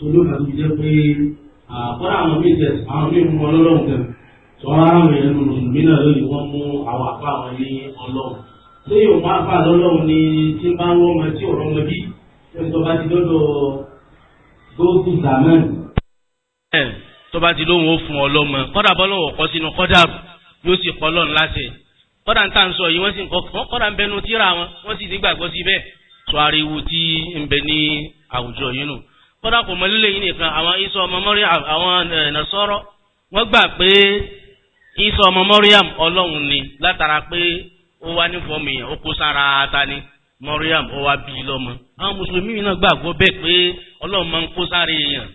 sọlọ́ kan ti jẹ́ pé àkọ́rọ́ àwọn míì tẹ̀ àwọn míì mú ọlọ́run kan sọ àwọn èèyàn nù mùsùlùmí náà lónìí wọ́n mú àwọn àfa wọn ní ọlọ́run ṣé yóò má fà lọ́lọ́run ni tí bá ń wọ́n mọ tí ọ̀rọ̀ wọn bí tó bá ti dọ́dọ̀ gbóògùn sàmẹ́n. tó bá ti lóhùn ó fún ọ lọ́mọ kọ́dà bọ́lọ́wọ́ kọ́ sínú kọ́dà yóò sì kọ́ lọ́run láṣẹ kọ́dà ń tà ń sọ yìí wọ́n sì ń kọ́ kọ́dà ń bẹnu tíra wọn wọ́n sì nígbàgbọ́ sí bẹ́ẹ̀ sọ ariwo tí ń bẹ ní àwùjọ yìí nù kódà kò mọlélẹ yìí nìkan àwọn isọ ọmọ mọríàm àwọn nasọrọ wọ́n gbà pé isọ ọmọ mọríàm Ọlọ́run ni látara pé ó wá ní fọmù yẹn ó kó sára ta ni mọríàm ó wá bí lọ́mọ àwọn mùsùlùmí náà gbàgbọ́ bẹ́ẹ̀ pé Ọlọ́run máa ń kó sára èèyàn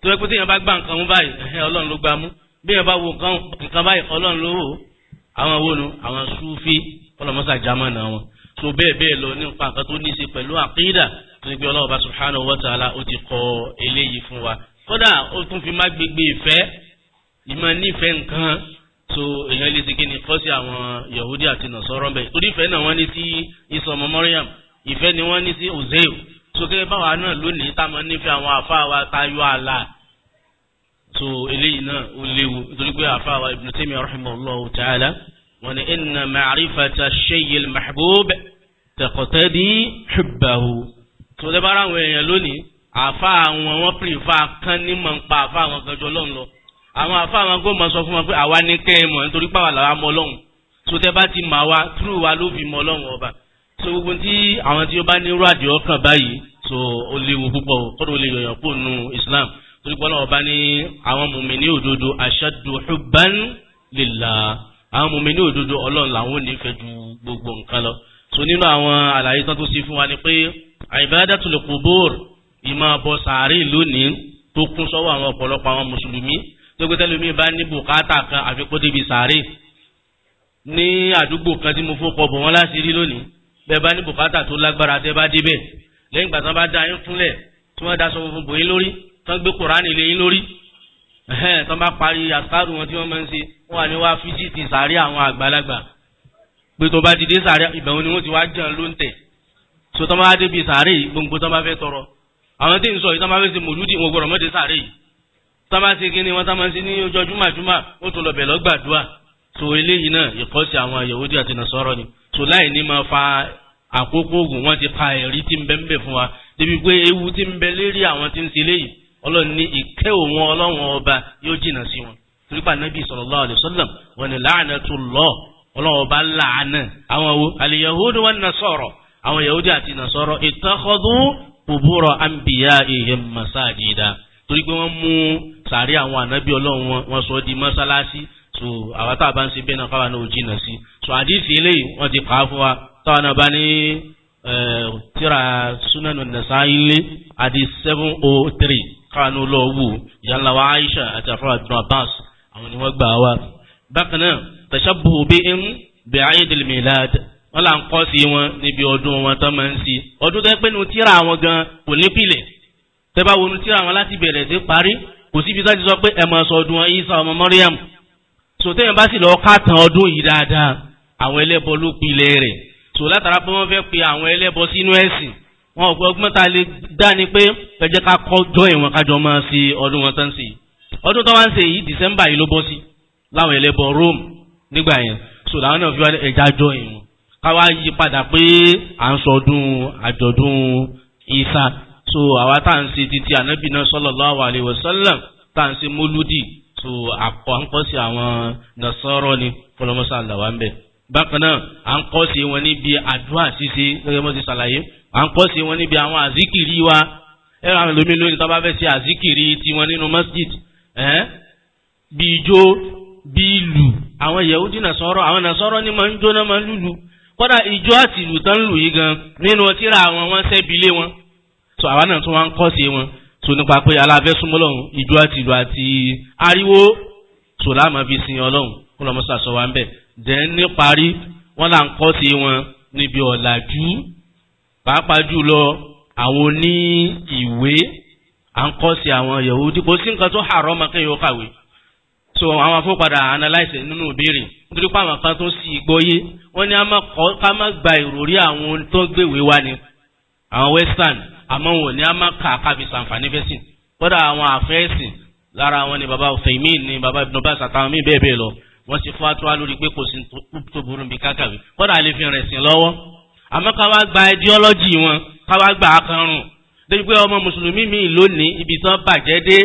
tó yẹ pé téèyàn bá gbà nǹkan mú báyìí Ọlọ́run ló gbà mú bí yẹn bá wo nǹkan báyìí Ọlọ́run ló wò àwọn wo nu àwọn súfì ọlọmọsà jámánà wọn tó bẹ́ẹ̀ bẹ́ẹ̀ lọ nípa nǹkan tó ní í ṣe pẹ̀lú àkídà tó ní pé ọlọ́run bá subhanahu wa ta'ala ó ti kọ eléyìí fún wa kódà ó tún fi má gbégbé ìfẹ́ ìmọ̀ nífẹ̀ẹ́ nǹkan so èèyàn lè ti kíni kọ́ sí àwọn yahudi àti nasọ́rọ́ bẹ́ẹ̀ torí ìfẹ́ náà wọ́n ní sí Isa ọmọ Maryam ìfẹ́ ni wọ́n ní sí Uzairu so gẹ́gẹ́ báwa náà lónìí táwọn nífẹ̀ẹ́ àwọn àfáà wa tayọ àlà so eléyìí náà ó léwu nítorí pé àfáà wa Ibn Taymiyyah rahimahullahu ta'ala wọ́n ní inna ma'rifata shay'il mahbub taqtadi hubbahu sọdẹ bá ra àwọn èèyàn lónìí àfa àwọn wọn pèrèfà kan ní mọ̀ ń pa àfa àwọn kan jọ lọ́n lọ àwọn àfa àwọn gómọ sọ fún wọn pé àwa ní kẹ́ mọ̀ nítorí pàwọ́ làwa mọ ọlọ́run sọdẹ bá ti mọ̀ àwa túrú wa ló fi mọ ọlọ́run ọba so gbogbo tí àwọn tí ó bá ní irú àdìọ́ báyìí so ó léwu púpọ̀ kọ́dọ̀ ó lè yọ̀yàn kó nu Islam torí pé ọlọ́run ọba ní àwọn mùmínì òdodo ashaddu hubban lillah àwọn mùmínì òdodo ọlọ́run làwọn ò ní fẹ́ ju gbogbo nǹkan lọ so nínú àwọn àlàyé tán tó ṣe fún wa ni pé àìbádàtul qubur ìmọ̀ bọ sàárì lónìí tó kún sọ́wọ́ àwọn ọ̀pọ̀lọpọ̀ àwọn mùsùlùmí tó gbé tẹ́lẹ̀ bá ní bùkátà kan àfikún débi sàárì ní àdúgbò kan tí mo fọkọ bọ̀ wọ́n láti rí lónìí bẹ́ẹ̀ bá ní bùkátà tó lágbára tẹ́ bá débẹ̀ lẹ́yìn ìgbà tí wọ́n bá da yín fúnlẹ̀ tí wọ́n daṣọ funfun bò yín lórí tí wọ́n gbé kùránì lé yín lórí tí wọ́n bá parí àṣàrù wọn tí wọ́n máa ń ṣe so tọ́ máa débi sàárè yìí gbogbo tọ́ máa fẹ́ tọrọ àwọn tí ń sọ yìí tọ́ máa fẹ́ ṣe mòlúdì wọn gbọ́dọ̀ mọ́dé sàárè yìí tọ́ máa ṣe kíni wọn tọ́ máa ṣe ní ọjọ́ júmàjúmà ó tún lọ bẹ̀ lọ́gbàdúà so eléyìí náà ìkọ́sí àwọn Yahudi àti Nasara ni so láì ní máa fa àkókò oògùn wọn ti fa ẹ̀rí tí ń bẹ ń bẹ fún wa débi pé ewu tí ń bẹ lérí àwọn tí ń ṣe léyìí ọlọ́run ní ìkẹ́ òun ọlọ́run ọba yóò jìnnà sí wọn torípa nabi sallallahu alayhi wa wọn ni la'natullah ọlọ́run ọba làánà àwọn wo al-yahudu wan-nasara àwọn yahudi àti nasọrọ ittakhadhu qubura anbiya'ihim masajida torí pé wọ́n mú sàárẹ̀ àwọn ànábì Ọlọ́run wọn wọ́n sọ di mọ́sálásí so àwa tá a bá ń ṣe bẹ́ẹ̀ náà káwa náà ò jìnnà sí so àdìsí eléyìí wọ́n ti kà á fún wa táwa náà bá ní tíra sunanu nasaile àdìs seven oh three káwa náà lọ wù yàrá wa Aisha àti àfọwà ibn Abbas àwọn ni wọ́n gbà wá bákan náà tashabbuhu bihim bi'id al-milad wọ́n là ń kọ́ sí wọn níbi ọdún wọn tán máa ń sí ọdún tó ń pè nu tíra wọn gan kò nípìlẹ̀ tẹ́ bá wọnú tíra wọn láti bẹ̀rẹ̀ sí parí kò síbi sáà ti sọ pé ẹ máa sọ Isa ọmọ Maryam sòtẹ́ yẹn bá sì lọ́ọ́ ká tan ọdún yìí dáadáa àwọn ẹlẹ́bọ ló pilẹ̀ rẹ̀ sò látara pé wọ́n fẹ́ pe àwọn ẹlẹ́bọ sínú ẹ̀sìn wọn ò pé ta lè dá ni pé ẹ ká kọjọ́ ìwọ̀n wọn tán i December yìí ló bọ́ sí láwọn ẹlẹ́bọ Rome nígbà yẹn sò jọ káwá yí padà pé à ń sọdún àjọ̀dún Ìsá so àwa tá à ń ṣe títí ànábì náà sallallahu alaihi wasallam tá à ń ṣe mólúdì so àkọ́ à ń kọ́ sí àwọn nàṣọ́rọ́ ni fọlọ́mọ́sá àlàwà ń bẹ̀. bákan náà à ń kọ́ sí wọn níbi àdúrà ṣíṣe gẹ́gẹ́ bó ti ṣàlàyé à ń kọ́ sí wọn níbi àwọn àzíkìrì wa ẹ̀rọ àwọn ẹlòmíín lónìí tó bá fẹ́ ṣe àzíkìrì tiwọn nínú masjid bí ijó bí ìlù àwọn Yahudi nàṣọ́rọ́ àwọn nàṣọ́rọ́ ni máa ń jóná máa ń lùlù kódà ìjọ àti ìlú tán lù yìí gan nínú tíra àwọn wọn sẹ́bilé wọn so àwa náà tún wá ń sí wọn so nípa pé aláfẹ́ súnmọ́ lọ́hùn ìjọ àti ìlú àti ariwo so láàmú fi sin ọlọ́hùn kó lọ́mọ sàṣọ wa ń bẹ̀ dẹ́n níparí wọ́n là ń kọ́ sí wọn níbi ọ̀làjú pàápàá jùlọ àwọn oní ìwé à ń kọ́ sí àwọn Yahudi kò sí nǹkan tó hàrọ́ ọmọ kéèyàn kàwé so àwọn afọ́padà analyse nínú ìbéèrè nítorí pé àwọn kan tó sì gbọ́yé wọ́n ní ká má gba ìròrí àwọn tó gbèwé wá ni àwọn western àmọ́ wọn ní a má kà kábi sànfàní fẹ́sìn kódà àwọn àfẹ́sìn lára wọn ni baba fèmí ni baba ibùdó bá sàtàwọn míì bẹ́ẹ̀ bẹ́ẹ̀ lọ wọ́n ti fọ́ àtúwá lórí pé kò sí tó burú bí kákàwé kódà àlè fi rìn sìn lọ́wọ́ ká wá gba ideology wọn ká wá gba akọrùn débi pé ọmọ mùsùlùmí mi lónìí ibi tán bàjẹ́ dé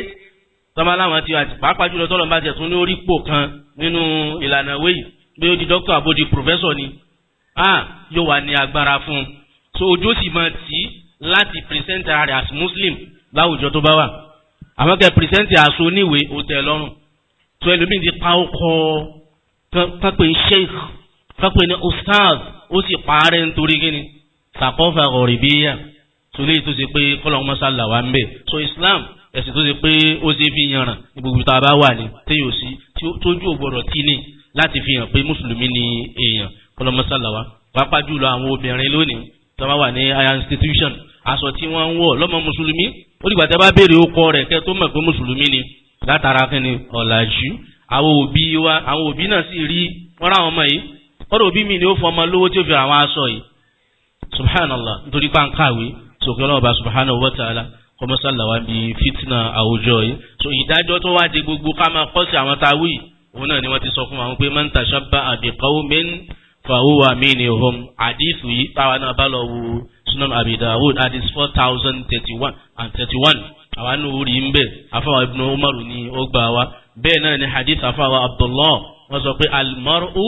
tọ́ba láwọn ti pàápàá jùlọ tọ́lọ́ bá tẹ̀sùn ní orí pò kan nínú ìlànà wéyì bí ó di dókítà àbódi pòfẹ́sọ̀ ni yóò wà ní agbára fún un so ojú sì máa tì í láti pìrìsẹ́ǹtì ara rẹ̀ as muslim láwùjọ tó bá wà àmọ́ kẹ́ pìrìsẹ́ǹtì aṣọ oníwèé òtẹ̀ lọ́rùn tó ẹlòmíì ti pa ọkọ̀ kápẹ́ sheikh kápẹ́ ní ustaz ó sì parẹ́ nítorí kíni sàkọ́fà ọ̀rìbíyà tó lè tó ṣe pé kọ́lọ́ so islam ẹ̀sìn tó ṣe pé ó ṣe fi yanràn ní gbogbo tá a bá wà ní téyò sí tójú ò gbọdọ̀ tí ní láti fi hàn pé mùsùlùmí ni èèyàn kọlọmọsálàwà pàápàá jùlọ àwọn obìnrin lónìí tó bá wà ní higher institution aṣọ tí wọ́n ń wọ̀ lọ́mọ mùsùlùmí ó dìgbà tẹ́ bá béèrè okọ rẹ̀ kẹ́ tó mọ̀ pé mùsùlùmí ni látara kí ni ọ̀làjú àwọn òbí wa àwọn òbí náà sì rí wọ́n ráwọn ọmọ yìí kọ́dọ̀ òbí subhanallah nítorí pàǹkàwé sòkè ọlọ́ọ̀bà subhanahu wa kọmọsálà wa bí fitna àwùjọ yìí so ìdájọ́ tó wá di gbogbo ká máa kọ́ sí àwọn táwí òun náà ni wọ́n ti sọ fún wa pé man tashabbaha bi qawmin fahuwa minhum àdìsù yìí táwa náà bá lọ wo sunan abi dawud four thousand thirty one and thirty one àwa ní orí ń bẹ̀ afáwa ibnu umaru ni ó gbà wá bẹ́ẹ̀ náà ni hadith afáwa abdullah wọ́n sọ pé almaru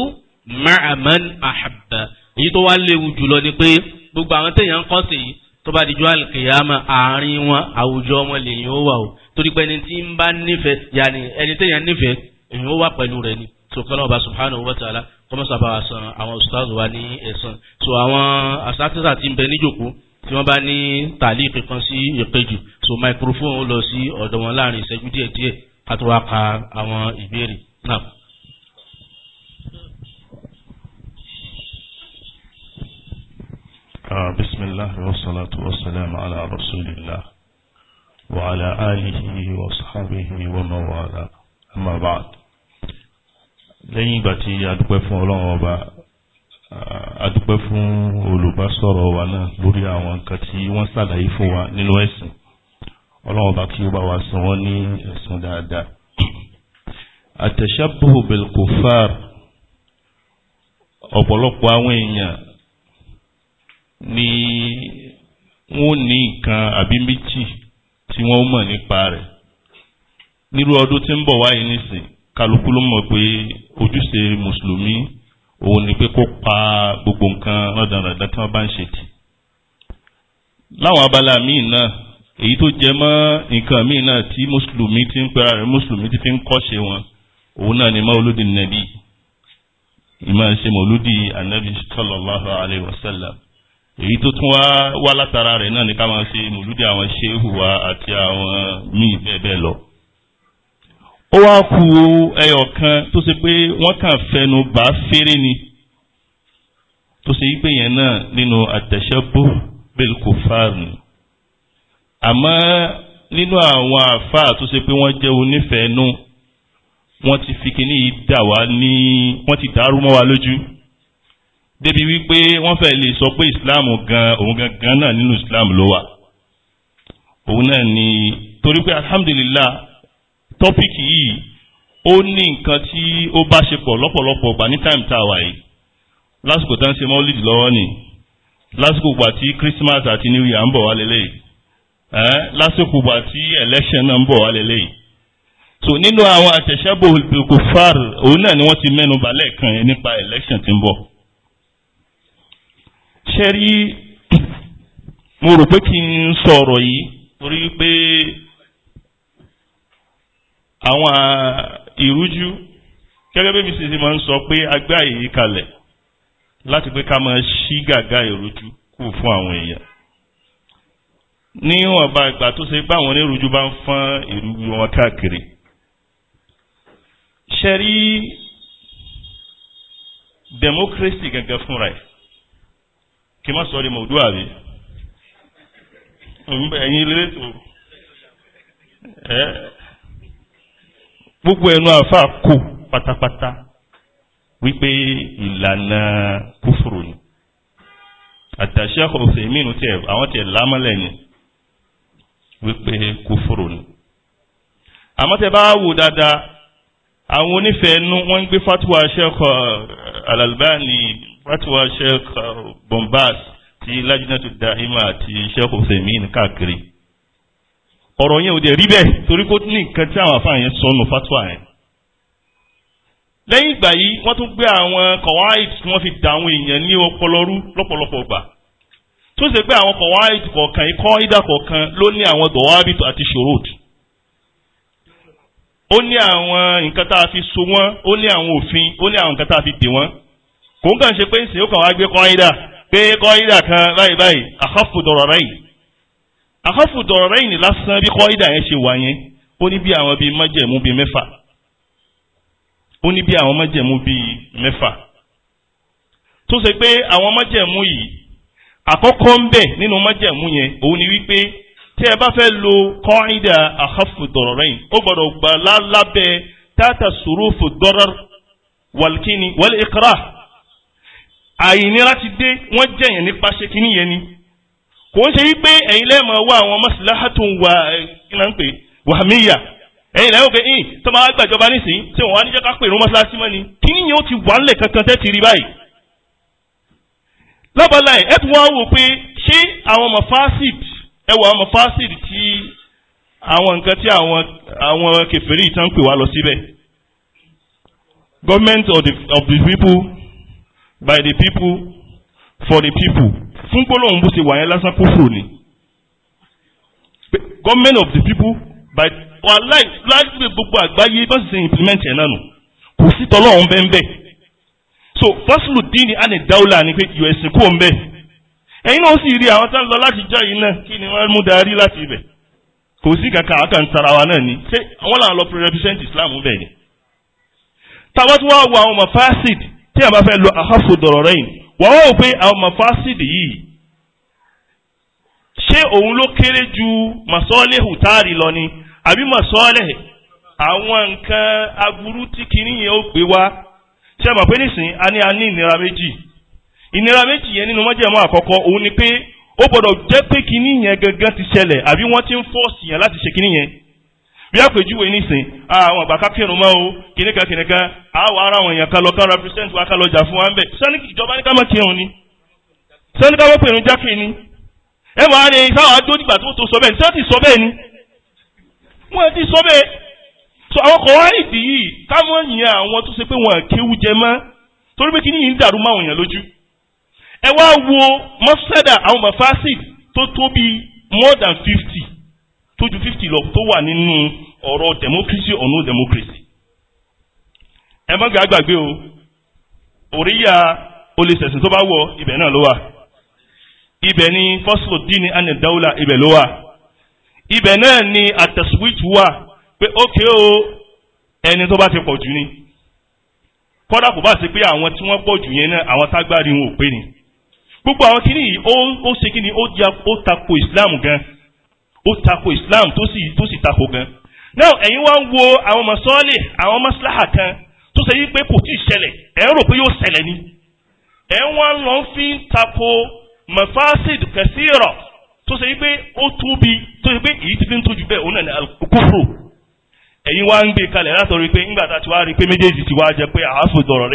ma'aman ahabba èyí tó wá léwu jùlọ ni pé gbogbo àwọn téèyàn ń kọ́ sí yìí tó bá dijọ́ àlùkìyàmà àárín wọn àwùjọ wọn lèyìn ó wà o torí pé ẹni tí ń bá nífẹ̀ẹ́ yàní ẹni téèyàn nífẹ̀ẹ́ èyàn ó wà pẹ̀lú rẹ̀ ni so kọ́lá ọba subhanahu wa ta'ala kọ́mọ́sá bá wa san àwọn ustaz wa ní ẹ̀san so àwọn asátìsà ti ń bẹ níjòkó tí wọ́n bá ní tàlíìkì kan sí ìkejì so microphone ó lọ sí ọ̀dọ̀ wọn láàrin ìṣẹ́jú díẹ̀díẹ̀ ká tó wá ka àwọn ìbéèrè náà. آه، بسم الله والصلاة والسلام على رسول الله وعلى آله وصحبه وموالاه أما بعد لين باتي أدوبة فولان وبا آه، أدوبة فون ولو صور وانا بوريا وان كتي وان سالا يفوا نلويس ولان وبا كي وبا واسواني سندادا التشبه بالكفار أبو لقوا وين ni wọ́n ní nǹkan àbí méjì tí wọ́n mọ̀ nípa rẹ̀ nírú ọdún tí ń bọ̀ wáyé nísìn kálukú ló mọ̀ pé ojúṣe mùsùlùmí òun ni pé kó pa gbogbo nǹkan rọ̀dànrọ̀dàn tí wọ́n bá ń ṣe tì láwọn abala míì náà èyí tó jẹ mọ́ nǹkan míì náà tí mùsùlùmí ti ń pera rẹ̀ mùsùlùmí ti fi ń kọ́ṣe wọn òun náà ni mọ́lúdì nàbí ìmọ̀ ṣe mọ́lúdì ànábì sallallahu alayhi wa èyí tó tún wá wá látara rẹ̀ náà ni ká máa ṣe mòlúdì àwọn ṣéhù wa àti àwọn míì bẹ́ẹ̀ bẹ́ẹ̀ lọ. ó wá ku ẹyọ kan tó ṣe pé wọ́n kàn fẹnu bá fèrè ni tó ṣe yípe yẹn náà nínú àtẹ̀ṣẹ́bù bẹ́ẹ̀ kò fáàrù àmọ́ nínú àwọn àáfàá tó ṣe pé wọ́n jẹ́ onífẹ̀ẹ́nu wọ́n ti fi kíní dà wá ní wọ́n ti dàrú mọ́ wa lójú débi wípé wọ́n fẹ́ lè sọ pé islam gan òun gangan náà nínú islam ló wà òun náà ni torí pé alhamdulillah tọ́píkì yìí ó ní nǹkan tí ó bá ṣe pọ̀ lọ́pọ̀lọpọ̀ gbà ní táìmù tá a wà yìí lásìkò tá ń ṣe mọ́lìdì lọ́wọ́ ni lásìkò gbà tí christmas àti new year ń bọ̀ wá lélẹ́yìí lásìkò gbà tí election náà ń bọ̀ wá lélẹ́yìí so nínú àwọn àtẹ̀ṣẹ́bò kòfàr òun náà ni wọ́n ti mẹ́nu bà lẹ́ẹ̀kan yẹn nípa election tí ń bọ̀ ṣẹ́rí mo rò pé kí n sọ̀rọ̀ yìí torí pé àwọn ìrújú gẹ́gẹ́ bí mi sì máa ń sọ pé agbá yìí kalẹ̀ láti pé ká máa ṣí gàgá ìrújú kù fún àwọn èèyàn níwọ̀nba ìgbà tó ṣe pé onírújú bá ń fọ́n ìrújú wọn káàkiri ṣẹ́rí democracy gẹ́gẹ́ fúnra ẹ̀ kí n má sọ di mọ̀ọ́dúwà rí ẹ̀yin ilé tó gbogbo ẹnu àfa kò pátápátá wípé ìlànà kúfùrù ni àtàṣe ọ̀sẹ̀ mìíràn tiẹ̀ àwọn tiẹ̀ lámọ́lẹ̀ ni wípé kúfùrù ni àmọ́ tẹ bá wò dáadáa àwọn onífẹ̀ẹ́ nu wọ́n ń gbé fatuwa Sheikh eh, Al-Albani fatiwa sheikh uh, bombas ti lajinatu dahima àti sheikh osemin káàkiri ọ̀rọ̀ yẹn ò dẹ̀ rí bẹ́ẹ̀ torí kó ní nǹkan tí àwọn afáà yẹn sọnù fatiwa yẹn lẹ́yìn ìgbà yìí wọ́n tún gbé àwọn kọ̀wáìtì tí wọ́n fi dà àwọn èèyàn ní ọpọlọrú lọ́pọ̀lọpọ̀ gbà tó ṣe pé àwọn kọ̀wáìtì kọ̀ọ̀kan ikọ́ ìdá kọ̀ọ̀kan ló ní àwọn dọ̀wábìtì àti ṣòróòtù ó ní àwọn nǹkan tá a fi so wọ́n ó ní àwọn òfin ó ní àwọn nǹkan tá a fi dè wọ́n kò ń kàn ṣe pé ń sìn ó kàn wá gbé kọ́ńdà gbé kọ́ńdà kan báyìí báyìí àkọ́fù dọ̀rọ̀ rẹ́yìn àkọ́fù dọ̀rọ̀ rẹ́yìn lásán bí kọ́ńdà yẹn ṣe wà yẹn ó ní bí àwọn bíi májẹ̀mú bíi mẹ́fà ó ní bí àwọn májẹ̀mú bíi mẹ́fà tó ṣe pé àwọn májẹ̀mú yìí àkọ́kọ́ ń bẹ nínú májẹ̀mú yẹn òun ni wípé tí ẹ bá fẹ́ lo kọ́ńdà àkọ́fù àìnira ti dé wọ́n jẹ̀yàn nípa ṣe kínní yẹn ni kò ń ṣe wípé ẹ̀yin lẹ́ẹ̀mọ̀ wá àwọn maslahatun wà kíná ń pè wàmíyà ẹ̀yin lẹ́yìn òkè yìí tó máa gbàjọba nísìnyí tí wọ́n wá níjẹ́ ká pè ní mọ́ṣáláṣí mọ́ ni kínní yẹn ó ti wà ńlẹ̀ kankan tẹ́ ti rí báyìí. lábàlá ẹ̀ ẹ̀ tún wá wò pé ṣé àwọn mafasid ẹ wọ àwọn mafasid tí àwọn nǹkan tí àwọn àwọn kèfèrí ìtàn pè wá lọ síbẹ̀ government of the, of the people by the people for the people fún gbólóhùn bó ṣe wà yẹn lásán kúfùrù ni government of the people by wàhálà lágbègbè gbogbo àgbáyé bá sì ṣe implement ẹ̀ náà nù kò sí tọ́lọ́hún bẹ́ẹ̀ bẹ́ẹ̀ so fásilù dín ní àná ìdáwọ́lá ni pé yóò ẹ̀sìn kú òun bẹ́ẹ̀ ẹ̀yin náà sì rí àwọn tá ń lọ láti jọ yìí náà kí ni wọ́n mú darí láti ibẹ̀ kò sí kàkà àkàn tara wa náà ni ṣé àwọn làwọn lọ represent Islam bẹ́ẹ̀ ni tàbá tí wọ́n á wo àwọn ọmọ fásitì tí a bá fẹ́ lo àhàfò dọ̀rọ̀ rẹ̀ yìí wàá wò pé àwọn mafásìdì yìí ṣé òun ló kéré ju masọ́lẹ́hù táàrí lọ ni àbí masọ́lẹ̀ àwọn nǹkan aburú tí kinní yẹn ó gbé wá ṣé a mọ̀ pé nísìnyí a ní a ní ìnira méjì ìnira méjì yẹn nínú mọ́jẹ̀mọ́ àkọ́kọ́ òun ni pé ó gbọ́dọ̀ jẹ́ pé kinní yẹn gangan ti ṣẹlẹ̀ àbí wọ́n ti ń fọ́ọ̀sì yẹn láti ṣe kinní yẹn bí àpèjúwe nísìn àwọn àgbà kákìrún mọ́ o kìnìkan kìnìkan àwọn ará àwọn èèyàn kan lọ kán represent wa kán lọ jà fún wa ń bẹ̀ sani ìjọba ní ká má kírun ni sani ká má pèrún jákè ni ẹ wàá ní sáwọn adó nígbà tó tó sọ bẹ́ẹ̀ ni sani ti sọ bẹ́ẹ̀ ni wọ́n ti sọ bẹ́ẹ̀ so àwọn kan wá ìdí yìí káwọn yìnyín àwọn tó ṣe pé wọn kéwu jẹ mọ́ torí pé kíní yìí ń dàrú máwọn èèyàn lójú ẹ wá wo mọ́sẹ́dà àwọn bàfáàsì tó tó bíi more than fifty tó ju fifty lọ tó wà nínú ọ̀rọ̀ democracy or no democracy. ẹ má gàá gbàgbé o òríyà olùsẹ̀sìn tó bá wọ ibẹ̀ náà ló wà ibẹ̀ ni fọ́sùlùdín ní anadawla ibẹ̀ ló wà ibẹ̀ náà ni àtẹ̀síwìtì wà pé ókè o ẹni tó bá ti pọ̀ jù ni kọ́dà kò bá ṣe pé àwọn tí wọ́n pọ̀ jù yẹn náà àwọn tágbárí wọn ò pé ni gbogbo àwọn kìíní ó ṣe kí ó tako Islam gan-an ó tako islam tó sì tó sì tako gan now ẹ̀yin wá ń wo àwọn masọ́ọ̀lì àwọn maslaha kan tó ṣe pé kò tí ì ṣẹlẹ̀ ẹ̀ ń rò yóò ṣẹlẹ̀ ni ẹ̀ ń lọ fi tako mafasid kẹsìrọ̀ tó ṣe pé ó bi tó ṣe pé èyí ti fi ń tójú bẹ́ẹ̀ òun náà ẹ̀yin wá ń gbé kalẹ̀ pé ńgbà a ti wá rí pé méjèèjì jẹ pé àáfò dọ̀rọ̀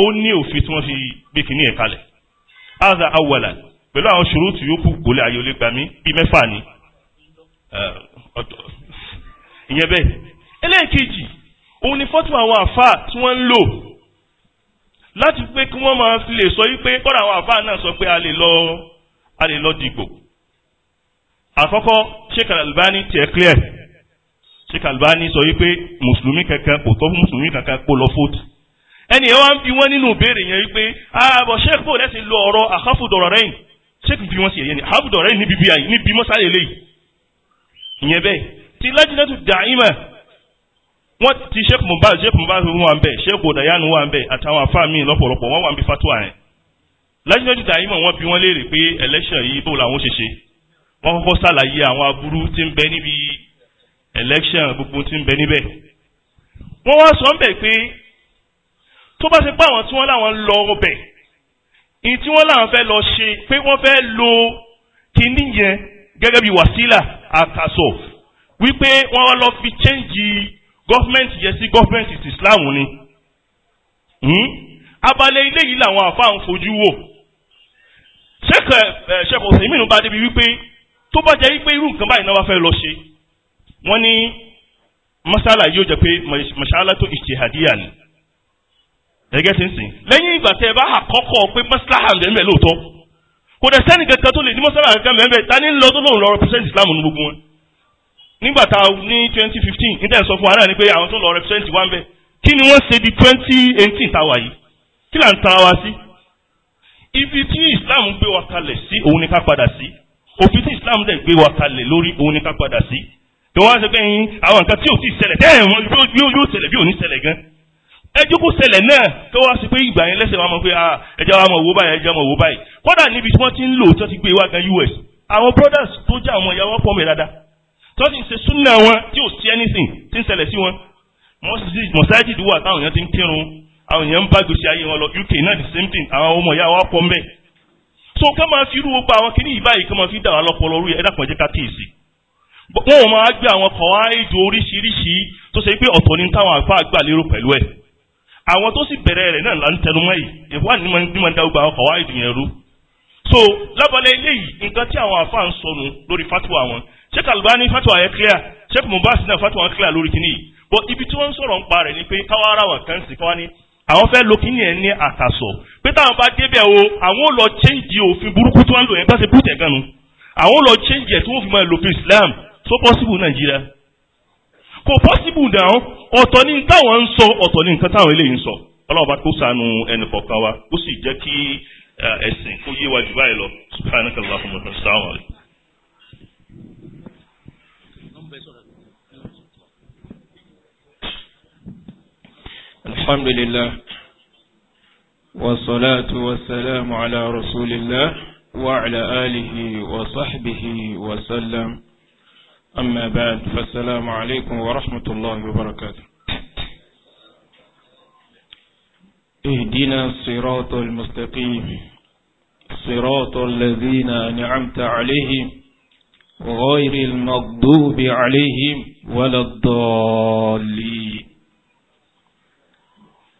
ó ní òfin tí wọ́n fi gbé kínní ẹ̀ kalẹ̀ aza awala pẹ̀lú àwọn ṣòrótù yòókù kò lè ayọ̀lẹ̀ gbà mí bíi mẹ́fà ni ìyẹn bẹ́ẹ̀ ẹlẹ́ẹ̀kejì òun ni fọ́tò àwọn àfáà tí wọ́n ń lò láti pé kí wọ́n máa fi lè sọ wípé kọ́ra àwọn àfáà náà sọ pé a lè lọ a lè lọ dìgbò àkọ́kọ́ Sheikh Albani tiẹ̀ clear Sheikh Albani sọ wípé mùsùlùmí kankan kò tọ́ fún mùsùlùmí kankan kó lọ fóòtù ẹnì yẹn wá ń bi wọ́n nínú ìbéèrè yẹn wípé ààbọ̀ ah, sheikh bò lẹ́sìn lo ọ̀rọ̀ àkàfùdọ̀rọ̀ rẹ̀ yìí sheikh fi wọ́n sí ẹ̀yẹ ni àkàfùdọ̀rọ̀ rẹ̀ níbi bíi àyè níbi mọ́sálẹ̀ eléyìí ìyẹn bẹ́ẹ̀ ti lajinatu da'ima wọ́n ti sheikh mubaz sheikh mubaz wà ń bẹ̀ sheikh odayanu wà ń bẹ̀ àtàwọn afáàmì lọ́pọ̀lọpọ̀ wọ́n wà ń bi fatwa yẹn lajinatu da'ima wọ́n bi wọ́n léèrè pé election yìí bó làwọn ṣe ṣe wọ́n kọ́kọ́ ṣàlàyé àwọn aburú tí ń bẹ wọ́n wá sọ ń bẹ̀ pé tó bá ṣe pé àwọn tí wọ́n láwọn lọ ọbẹ̀ èyí tí wọ́n láwọn fẹ́ lọ ṣe pé wọ́n fẹ́ lo kínní yẹn gẹ́gẹ́ bí wàsílà àkàsọ̀ wípé wọ́n wá lọ fi chẹ́ǹgì gọ́fìmẹ̀ntì yẹn sí gọ́fìmẹ̀ntì ti Islam ni hmm? abalẹ̀ ilé yìí làwọn àfáà ń fojú wò ṣẹ́kọ̀ ṣẹ́kọ̀ ọ̀sẹ̀ mìíràn bá débi wípé tó bá jẹ́ wípé irú nǹkan báyìí náà wá fẹ́ lọ ṣe wọ́n ní masala yóò jẹ́ pé masala tó ìṣèhàdíyà ni ẹgẹ ti ń sìn lẹ́yìn ìgbà tẹ ẹ bá àkọ́kọ́ pé mọsálàhà mẹmẹ lóòótọ́ kò dẹ sẹ́ni kankan tó lè ní mọsálàhà kankan mẹmẹ ta ni lọ tó lòun lọ represent islam ní gbogbo wọn nígbà tá a ní twenty fifteen níta ẹ sọ fún wa náà ni pé àwọn tó lọ represent wa ń bẹ kí ni wọ́n ṣe di twenty eighteen tá a wà yìí kí là ń tara wa sí ibi tí islam gbé wa kalẹ̀ sí òun ni ká padà sí òfin tí islam dẹ̀ gbé wa kalẹ̀ lórí òun ni ká padà sí kí wọ́n á sọ pé àwọn nǹkan tí ò tí ì ṣẹlẹ̀ tẹ́ ẹ̀ wọ́n yóò ṣẹlẹ̀ bí ò ní ṣẹlẹ̀ gan-an ẹjọ́ kó náà kó wá sí pé ìgbà yẹn lẹ́sẹ̀ wọn mọ̀ pé ẹjọ́ wa mọ̀ wò báyìí ẹjọ́ mọ̀ wò báyìí kódà níbi tí wọ́n ti ń lò tó ti gbé wá gan US àwọn brothers tó jẹ́ àwọn ìyàwó pọ̀ mẹ́ dáadáa tó ti ń ṣe súnà wọn tí ò sí anything tí ń ṣẹlẹ̀ sí wọn mọ̀sáàjì ìdúwà táwọn èèyàn ti ń kírun àwọn èèyàn ń bá gbèsè ayé wọn lọ UK náà the same thing àwọn ọmọ ìyá wa pọ̀ mẹ́ so ká máa fi àwọn tó sì bẹ̀rẹ̀ rẹ̀ náà là ń tẹnumọ́ yìí ìwà ni máa ń dá gbogbo àwọn kọ̀wá ìdùn yẹn rú. so lábàlẹ̀ eléyìí nǹkan tí àwọn afa ń sọnù lórí fatuwa wọn sheikh albani fatuwa yẹn clear sheikh mubasi náà fatuwa wọn clear lórí kìnìyí but ibi tí wọ́n ń sọ̀rọ̀ ń pa rẹ̀ ni pé káwọn ará wọn kan sì káwọn ní àwọn fẹ́ lo kìnìyí yẹn ní àkàsọ̀ pé táwọn bá débẹ̀ o àwọn ò lọ change òfin burúkú tí wọ́n ń lò yẹn bá ṣe bú tẹ̀ gan nu àwọn ò lọ change ẹ̀ tí wọ́n fi máa lo fi Islam so possible Nàìjíríà kò pọ́sibù náà ọ̀tọ̀ ní táwọn ń sọ ọ̀tọ̀ ní nǹkan táwọn eléyìí ń sọ ọlọ́ọ̀bá kó sànù ẹnì kọ̀ọ̀kan wa kó sì jẹ́ kí eh, ẹ̀sìn kó yé wa jù báyìí lọ subhanaka allahumma assalamu alaykum. alhamdulillah wasalaatu wasalaamu ala rasulillah wa ala alihi wa sahbihi wa sallam. أما بعد فالسلام عليكم ورحمة الله وبركاته اهدنا الصراط المستقيم صراط الذين أنعمت عليهم غير المغضوب عليهم ولا الضالين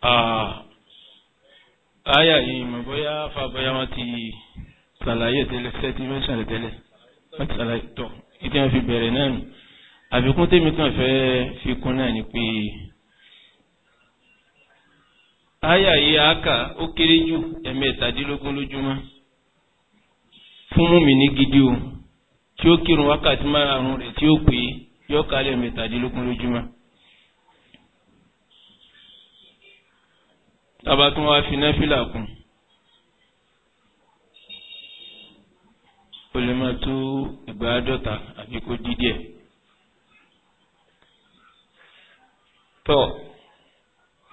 آه آية إيما بيا فبيا متي صلاة تلسة تمشى لتلسة ètò wọn fi bẹ̀rẹ̀ náà nù àfikún tèmi kan fẹ́ fi kún náà ni pé àyà yìí àákà ó kéré jù ẹ̀mẹ́tàdínlógún lójúmọ́ fún mùmí ní gidi o tí ó kírun wákàtí márùn rẹ̀ tí ó pè é yọ kálẹ̀ ẹ̀mẹ́tàdínlógún lójúmọ́. tábà fi náfìlà kún ó lè máa tó ìgbà àádọ́ta àbí kó dí díẹ̀. tọ́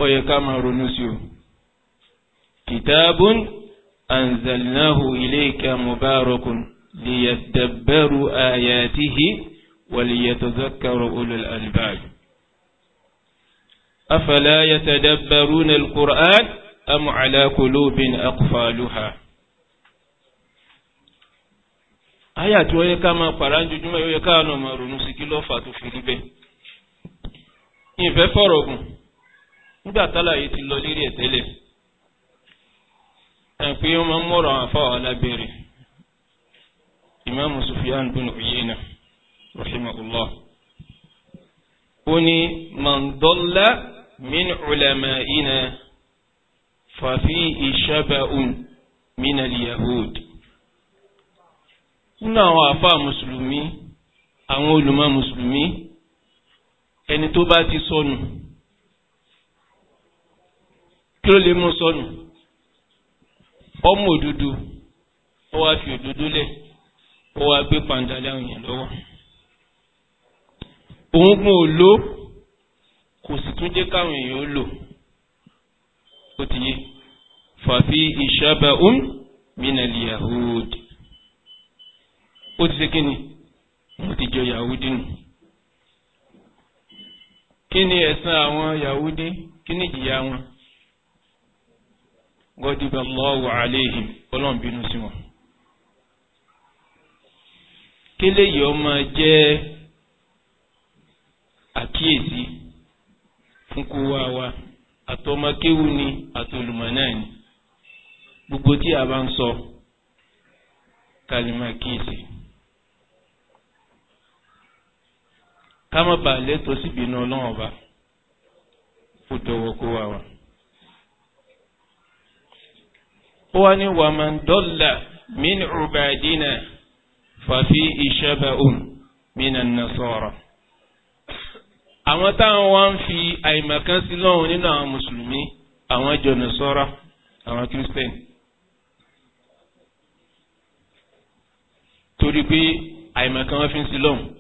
ó yẹ ká máa ronú sí o. kìtàbùn anzalnahu ilayka mubarakun liyadabbaru ayatihi wa liyatadhakkaru ulul albab. afala alqur'an am ala qulubin àyà tí wọ́n yẹ ká máa pàrà ń jojúmọ́ yóò yẹ ká àna máa ronú sí kí lọ́ọ̀fà tó fi rí bẹ́ẹ̀. ìfẹ́ fọ̀rọ̀ gùn nígbà tálà yìí ti lọ lérí ẹ̀ tẹ́lẹ̀ ẹ̀ pé máa ń mọ̀rọ̀ àwọn afáwọn alábẹ́rẹ̀ ìmáàmù Sufyan bin Uyayna rahimahullah ó ní mọ̀ndọ́lá min ulama'ina fàfi ìṣàbàun min al nínú àwọn àfa mùsùlùmí àwọn olùmọ̀ mùsùlùmí ẹni tó bá ti sọnù kí ló lè mú sọnù ọmọ òdodo ó wá fi òdodo lẹ̀ ó wá gbé pàǹdálẹ̀ àwọn èèyàn lọ́wọ́ òun gun òló kò sì tún jẹ́ káwọn èèyàn lò ó ti yé fàfi ìṣàbà um minal yahud ó ti ṣe kí ni ó ti jọ yahudi nù kí ni ẹ̀san àwọn yahudi kí ni ìjìyà wọn gọ́dìbà lọ́wọ́ àléhìm ọlọ́run bínú sí wọn. kí léyìí ọmọ jẹ́ àkíyèsí fún kúwa wa àtọmọkéwu ni àtolùmọ̀ náà ni gbogbo tí a bá ń sọ kálí máa kíyèsí. ká má bàa lẹ́tọ̀ọ́ síbi iná ọlọ́run ọba kó dọ̀wọ́ kó wà wá. ó wá ní wàmà dọ́là min ubadina fàfi ìṣẹ́bàún min an àwọn táwọn wá ń fi àìmọ̀kan sí lọ́hùn nínú àwọn mùsùlùmí àwọn jọ Nasara àwọn kírísítẹ́nì. torí pé àìmọ̀kan wọn fi ń sí lọ́hùn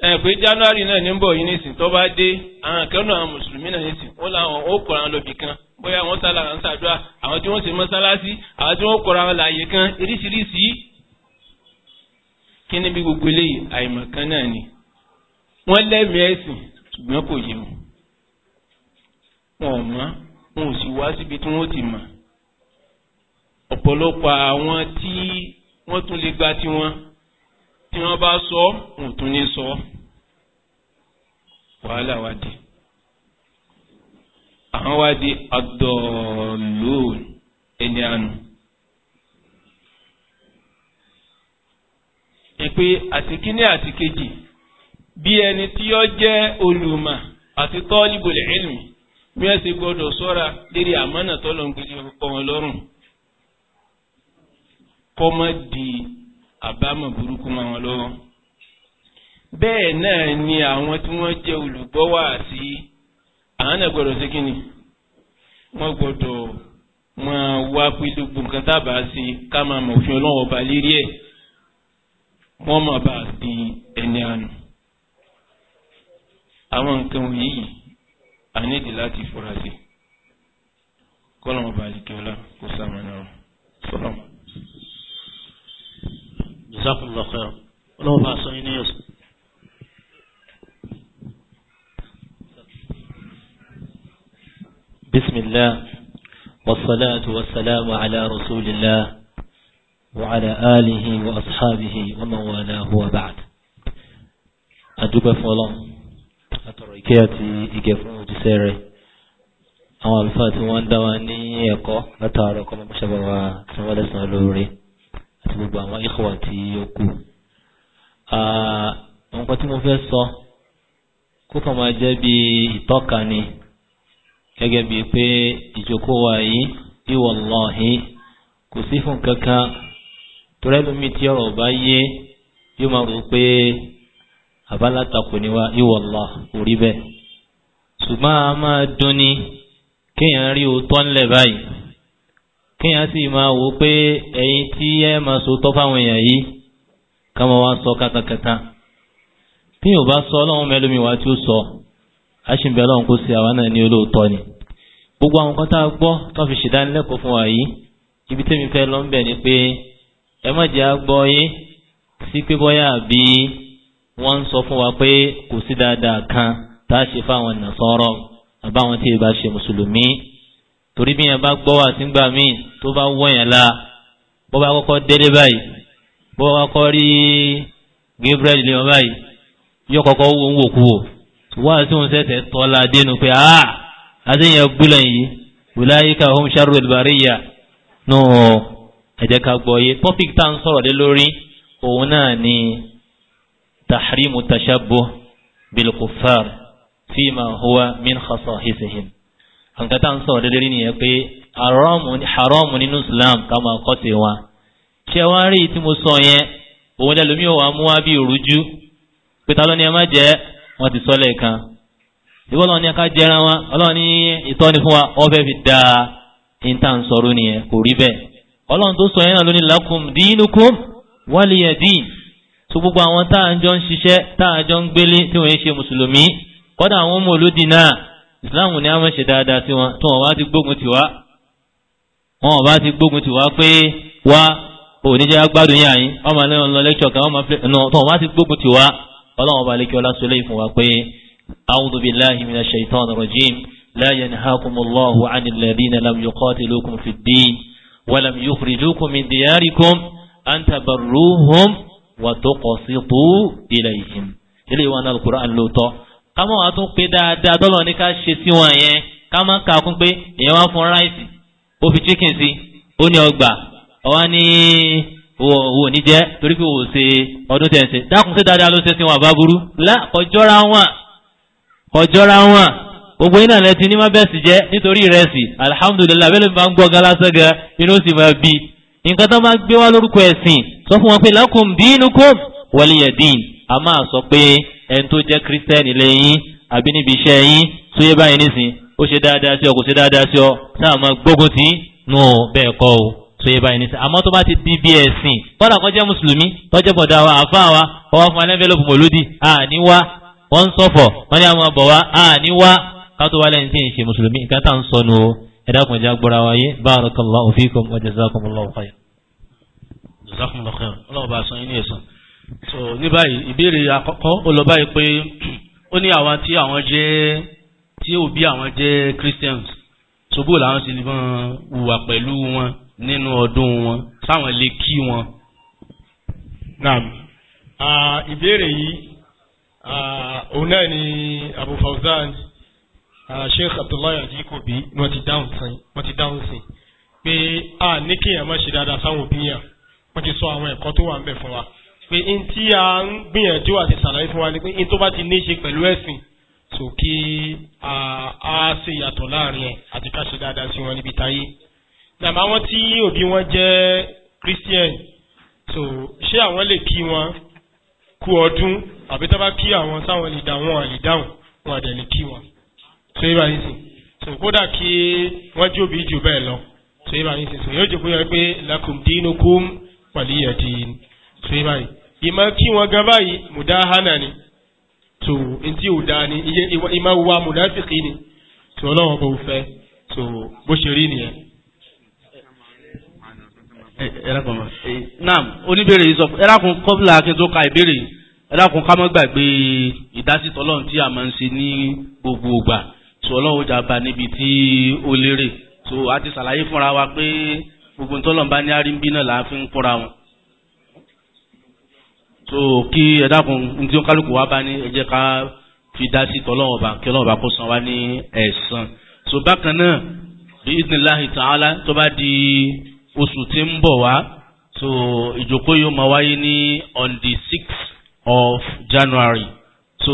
ẹ pé january náà ní bọ̀ yìí nísìn tó bá dé àwọn akẹ́nu àwọn mùsùlùmí náà nísìn wọ́n làwọn ó kọ̀ra àwọn lòbì kan bóyá wọ́n sálà ń ṣàdúrà àwọn tí wọ́n ṣe mọ́sálásí àwọn tí wọ́n kọ̀ra àwọn làyè kan oríṣiríṣi. kí ni bí gbogbo eléyìí àìmọ̀ kan náà ni wọ́n lẹ́mìí ẹ̀sìn ṣùgbọ́n kò yé wọn. wọn wọn ò sì wá síbi tí wọ́n ti mọ̀ ọ̀pọ̀lọpọ̀ àwọn tí wọ́n tún lè gba tiwọn tí wọ́n bá sọ wọn tún ní sọ wàhálà wá di àwọn wá di adọ́ọ̀lóòn ẹni àánú. ìpè àti kíní bí ẹni tí ó jẹ́ olùmọ̀ àti tọ́líbul ilmi bí wọ́n ṣe gbọ́dọ̀ sọ́ra lérí àmọ́nà tọ́lọ́ ń gbé ọkọ̀ wọn lọ́rùn kọ́mọ́ di àbámọ̀ burúkú mọ́ wọn lọ́wọ́. bẹ́ẹ̀ náà ni àwọn tí wọ́n jẹ́ olùgbọ́ wà sí àwọn náà gbọ́dọ̀ sí kínni wọ́n gbọ́dọ̀ máa wá pé gbogbo nǹkan tábà sí ká máa mọ̀ òfin ọlọ́wọ́ ọba lérí ẹ̀ wọ́n máa bá a di ẹni àná. àwọn nǹkan wọ̀nyí yìí a nídìí láti fura sí kọ́lọ́mọba àdìkẹ́ ọlá kó sáà máa náà sọ́lọ́mọ jazakumullahu khairan ọlọ́wọ́ bá a sọ yín ní ẹ̀sùn. بسم الله والصلاة والسلام على رسول الله وعلى آله وأصحابه ومن والاه وبعد adúpẹ́ fún ọlọ́run àtọ̀rọ̀ ìkẹ́ àti ìgẹ̀ fún òjíṣẹ́ rẹ̀ àwọn àlùfáà tí wọ́n ń dá wa ní ẹ̀kọ́ látàárọ̀ kọ́mọ́mọ́ṣẹ́ bá wa tí wọ́n lẹ́sàn-án lóore àti gbogbo àwọn ikhwa tí ó kù. àwọn kan tí mo fẹ́ sọ kó kàn máa jẹ́ bí ìtọ́ka ni gẹ́gẹ́ bíi pé ìjókòó wa yìí bí wallahi kò sí fún kankan torí ẹlòmíì tí ọ̀rọ̀ bá yé yóò máa rò pé àbálátakò ni wa ìwọ̀lá orí bẹ́ẹ̀ ṣùgbọ́n a máa dùn kéèyàn rí òótọ́ ńlẹ̀ báyìí. kíyàn sì máa wò pé ẹ̀yin tí ẹ máa sòótọ́ fáwọn èèyàn yìí ká máa wá sọ ba tí yóò bá sọ ọlọ́run mẹ́lómi wá tí ó sọ àṣìǹbẹ̀ ọlọ́run kò sí àwa náà ní olóòótọ́ ni gbogbo àwọn kan tá a gbọ́ tó fi ṣèdánilẹ́kọ̀ọ́ fún wa yìí ibi tẹ́mi fẹ́ lọ ń bẹ̀ ni pé ẹ má jẹ́ àgbọ́ yé sí pé bọ́yá àbí wọ́n ń sọ fún wa pé kò sí dáadáa kan tá a ṣe fáwọn nàṣọ́rọ̀ àbáwọn tí ì torí bí yẹn bá gbọ́ wà sígbà míì tó bá wọ̀ yẹn la bó bá kọ́kọ́ délé báyìí bó bá kọ́kọ́ rí Gabriel lè wọ́n báyìí yóò kọ́kọ́ wo ń wò kú wò wá sí òun sẹ́sẹ̀ tọ́lá dénú pé a adéyẹn gbúlẹ̀ yìí wùláyíká hom sharu elbariya nù ẹ̀jẹ̀ ká gbọ́ yé topic tá à ń sọ̀rọ̀ lé lórí òun náà ni tahrimu tashabbuh bilkufar fima huwa min khasa'isihim nǹkan tá à ń sọ̀rọ̀ dédé rí nìyẹn pé haramu nínú islam ká máa kọ́ sí wa ṣé wá rí tí mo sọ yẹn òun lẹ́lòmí ò wá mú wá bí òrújú pé ta ló ní ẹ má jẹ́ wọ́n ti sọ lẹ́ẹ̀kan ìwọ lọ́wọ́ ní ẹ ká jẹ́ra wa ọlọ́wọ́ ní ìtọ́ni fún wa ọ fẹ́ fi da intan sọ̀rọ̀ nìyẹn kò rí bẹ́ẹ̀ ọlọ́run tó sọ yẹn náà ló lakum dinukum waliya din tó gbogbo àwọn tá à ń jọ ń ṣiṣẹ́ tá à ń jọ ń gbélé tí wọ́n ń ṣe mùsùlùmí kọ́dà àwọn ọmọ olódì náà ìsìláàmù ni a máa ṣe dáadáa sí wọn tí wọn bá ti gbógun tì wá wọn bá ti gbógun tì wá pé wá oníjẹ́ agbádùn yà yín wọn máa lẹ́yìn lọ lẹ́kṣọ̀ kan wọn máa fẹ́ nù tí wọn bá ti gbógun tì wá ọlọ́wọ́n bá lẹ́kí ọlá sọlẹ́ ìfún wa pé a'udhu billahi minash shaitanir rajim la yanhakumullahu 'anil ladhina lam yuqatilukum fid-din wa lam yukhrijukum min diyarikum an tabarruhum wa tuqsitu ilayhim ilé ìwà náà al-Qur'an ká mọ̀ wá tún pé dáadáa dọ́lọ̀ ní ká ṣe sí wọn yẹn ká má kà kún pé èèyàn wá fún ráìsì ó fi chicken sí ó ní ọgbà ọwá ní wò ní jẹ́ torí pé wò ṣe ọdún tẹ̀ ń ṣe dákun sí dáadáa ló ṣe sí wọn àbá burú lá kọjọ́ra wọn kọjọ́ra wọn gbogbo iná lẹ ti ní má bẹ́ẹ̀ sì jẹ́ nítorí ìrẹsì alihamudulilayi abẹ́lẹ́ mi máa ń gbọ́ galásẹ́ gan inú sì máa bí nǹkan tó máa gbé wá lórúkọ ẹ̀sìn sọ fún wọn pé lakum dinukum waliya din a máa sọ pé ẹni tó jẹ́ kírísítẹ́nì lẹ́yìn àbí níbi iṣẹ́ yín tó yẹ báyìí nísìn ó ṣe dáadáa sí ọ kò ṣe dáadáa sí ọ sáà máa gbógun tì í nù bẹ́ẹ̀ kọ́ o tó yẹ báyìí nísìn àmọ́ tó bá ti di bí ẹ̀sìn kọ́dà kan jẹ́ mùsùlùmí tọ́jẹ́ bọ̀dá wa àfa wa ọwọ́ fún alẹ́fẹ́lópù mòlúdì àní wá wọ́n ń sọ̀fọ̀ wọ́n ní àwọn bọ̀ wá àní wá kátó wá lẹ́yìn tí ń ṣe mùsùlùmí nǹkan o fikum wa jazakumullahu khayran. jazakumullahu so ní báyìí ìbéèrè àkọ́kọ́ ó lọ báyìí pé ó ní àwa tí àwọn jẹ́ tí òbí àwọn jẹ́ Christians ṣòbó làwọn sì níbọn hùwà pẹ̀lú wọn nínú ọdún wọn sáwọn lè kí wọn. naam ìbéèrè yìí òun náà ni Abu Fawzan Sheikh Abdullahi Ajikobi ni wọ́n ti dáhùn sí pé a ní kéèyàn má ṣe dáadáa sáwọn òbí yàn wọ́n ti sọ àwọn ẹ̀kọ́ tó wà ń bẹ̀ fún wa pé in tí a ń gbìyànjú àti ṣàlàyé fún wa ni pé in tó bá ti ní ṣe pẹ̀lú ẹ̀sìn tó kí a ṣe yàtọ̀ láàrin ẹ̀ àti ká ṣe dáadáa sí wọn níbi táyé. nàbà wọn tí òbí wọn jẹ́ Christian so ṣé àwọn lè kí wọn kú ọdún àbí tó bá kí àwọn sáwọn lè dá wọn àlè dáhùn wọn àdẹ̀ lè kí wọn. so yíba yín sìn so kódà kí wọ́n jóbi jù bẹ́ẹ̀ lọ so yíba yín sìn so yóò jẹ́ pé lákùndínnukùn pàlíyàdín so yíba yín ìmọ̀ kí wọn gan báyìí mùdáhánà ni tó ntí ò dáa ni iye ìmọ̀ wa mùdáfìkì ni tó ọlọ́run bó fẹ́ tó bó ṣe rí nìyẹn. naam oníbèrè yìí sọ fún ẹ̀rákùn kọ́bílà akẹ́tọ́ ka ìbéèrè yìí ẹ̀rákùn ká má gbàgbé ìdásítọ́ ọlọ́run tí a máa ń ṣe ní gbogbo ìgbà tó ọlọ́run jà bá níbi tí ó lérè tó a ti ṣàlàyé fúnra wa pé gbogbo ntọ́lọ́mbá ní àrímbí náà là á fi ń wọn so kí ẹ dákun ní tí ó kálukú wa bá ní ẹ jẹ́ ká fi dá sí tọ́lọ́wọ́ bá kí ọlọ́wọ́ bá kó san wá ní ẹ̀san so bákan náà bí idnillahi ta'ala tó bá di oṣù tí ń bọ̀ wá so ìjókòó yóò máa wáyé ní on the sixth of January so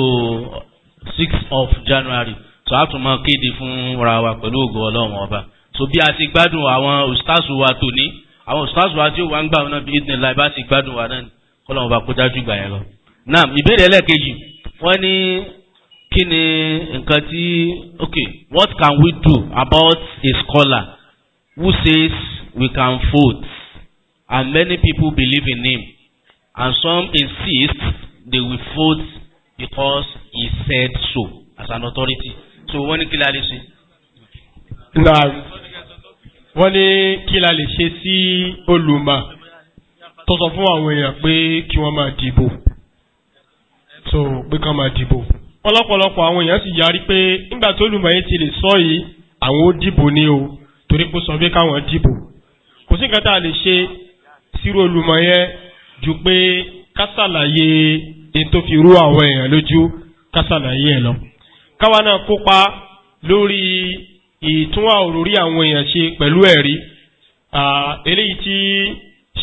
sixth of January so a tún máa kéde fún ra wa pẹ̀lú ògo ọlọ́run ọba so bí a ti gbádùn àwọn ustaz wa tòní àwọn ustaz wa tí ó wà ń gbà wọn náà bí idnillahi bá ti gbádùn wa náà kọ́lọ́mù bá kọjá jù gbà yẹn lọ. naam ìbéèrè ẹlẹ́ẹ̀kejì wọ́n ní kí ni nǹkan tí okay what can we do about a scholar who says we can vote and many people believe in him and some insist they will vote because he said so as an authority so wọ́n ní kí la lè ṣe. naam wọ́n ní kí la lè ṣe sí olùmọ̀. tó sọ fún àwọn èèyàn pé kí wọ́n máa dìbò so pé kán máa dìbò ọlọ́pọ̀lọpọ̀ àwọn èèyàn sì yarí pé nígbà tó lùmọ̀ yín ti lè sọ yìí àwọn ó dìbò ní o torí kó sọ pé káwọn dìbò kò sí nǹkan tá a lè ṣe sírò olùmọ̀ yẹn ju pé ká ṣàlàyé èyí tó fi rú àwọn èèyàn lójú ká ṣàlàyé ẹ̀ lọ káwa náà kópa lórí ìtúnwà òròrí àwọn èèyàn ṣe pẹ̀lú ẹ̀rí eléyìí tí Uh,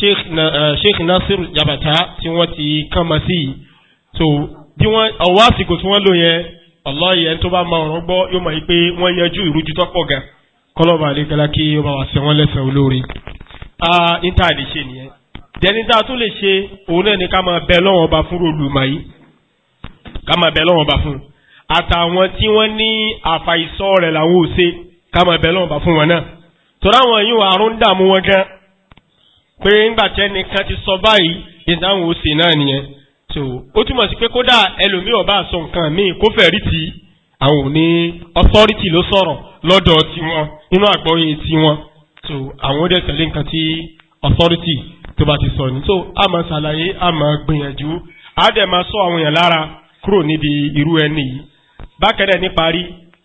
sheikh nasir jabata tí wọ́n ti kàn sí yìí so bí wọ́n ọwọ́ àsìkò tí wọ́n lò yẹn Allah yẹn tó bá ma ọ̀rọ̀ gbọ́ yóò mọ̀ pé wọ́n yanjú ìrújú tọ́pọ̀ gan kọ́lọ́ba àlekẹ́lá kí ó wà sẹ́ lẹ́sẹ̀ olóore níta lè ṣe nìyẹn dẹni tá a tún lè ṣe òun náà ni ká máa bẹ lọ́wọ́n ọba fún olùmọ̀ yìí ká máa bẹ lọ́wọ́n ọba fún àtàwọn tí wọ́n ní àfàìsọ rẹ̀ làwọn ò ṣe ká máa bẹ lọ́wọ́n ọba fún wọn náà torí àwọn yìí wà àrùn dààmú wọn gan pé ńgbà tí ẹnìkan ti sọ báyìí ìdáhùn òsè náà nìyẹn so ó túmọ̀ sí pé kódà ẹlòmíì ọba sọ nǹkan míì kó fẹ̀rí ti àwọn òní authority ló sọ̀rọ̀ lọ́dọ̀ tiwọn nínú àgbọ́yé tiwọn so àwọn ó dẹ̀ tẹ̀lé nǹkan tí authority tó bá ti sọ ní so a máa ṣàlàyé a máa gbìyànjú a dẹ̀ máa sọ àwọn èèyàn lára kúrò níbi irú ẹni yìí bákẹ́rẹ́ níparí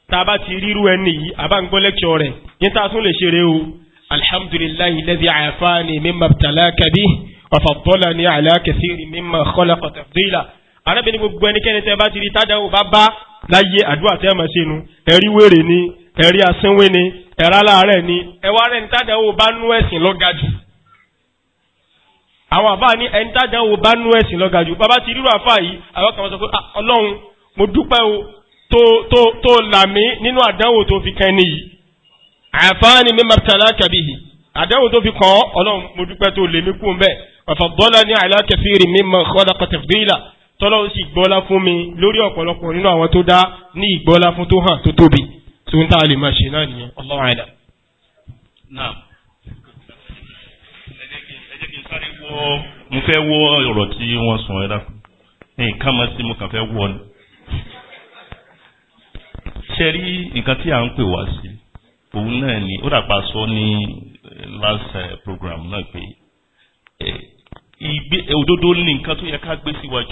tá a bá ti rí irú ẹni yìí a bá ń gbọ́ lẹ́kṣọ̀ الحمد لله الذي عافاني مما ابتلاك به وفضلني على كثير مما خلق تفضيلا arábìnrin gbogbo ẹnikẹ́ni tẹ́ bá ti rí tádàwó bá bá láyé àdúrà tẹ́ máa ṣe nu ẹ̀rí wèrè ni ẹ̀rí asínwé ni ẹ̀rá láàárẹ̀ ni ẹ̀wá rẹ̀ ní tádàwó bá nú ẹ̀sìn lọ́ga jù. àwọn àbá ní ẹni tádàwó bá nú ẹ̀sìn lọ́ga jù bàbá ti rírọ àfà yìí àwọn kan sọ pé ah, ọlọ́run mo dúpẹ́ o tó tó tó là mí nínú àdánwò tó fi kẹ́ni yìí àfáàní mi mọ̀tàlá kàbíyì àdáhùn tó fi kàn ọ́ ọlọ́run mo dúpẹ́ tó lè mí kú mbẹ́ ọ̀fọ̀bọ́lá ní àìlákẹ́fìrì mi mọ̀ kọ́lá kọ́tẹ̀fìlà tọ́lọ́run sì gbọ́lá fún mi lórí ọ̀pọ̀lọpọ̀ nínú àwọn tó dá ní ìgbọ́lá fún tó hàn tó tóbi tó ń tà lè máa ṣe náà nìyẹn Allahu àìlà. mo fẹ́ wọ ọ̀rọ̀ tí wọ́n sọ ẹ dákun nǹkan mọ̀ sí mo kàn fẹ́ wọ ni. ṣe nǹkan tí à ń pè wá sí òun náà ni ó dàpá sọ ní eh, last eh, program náà pé eh, òdodo ní nǹkan tó yẹ ká gbé síwájú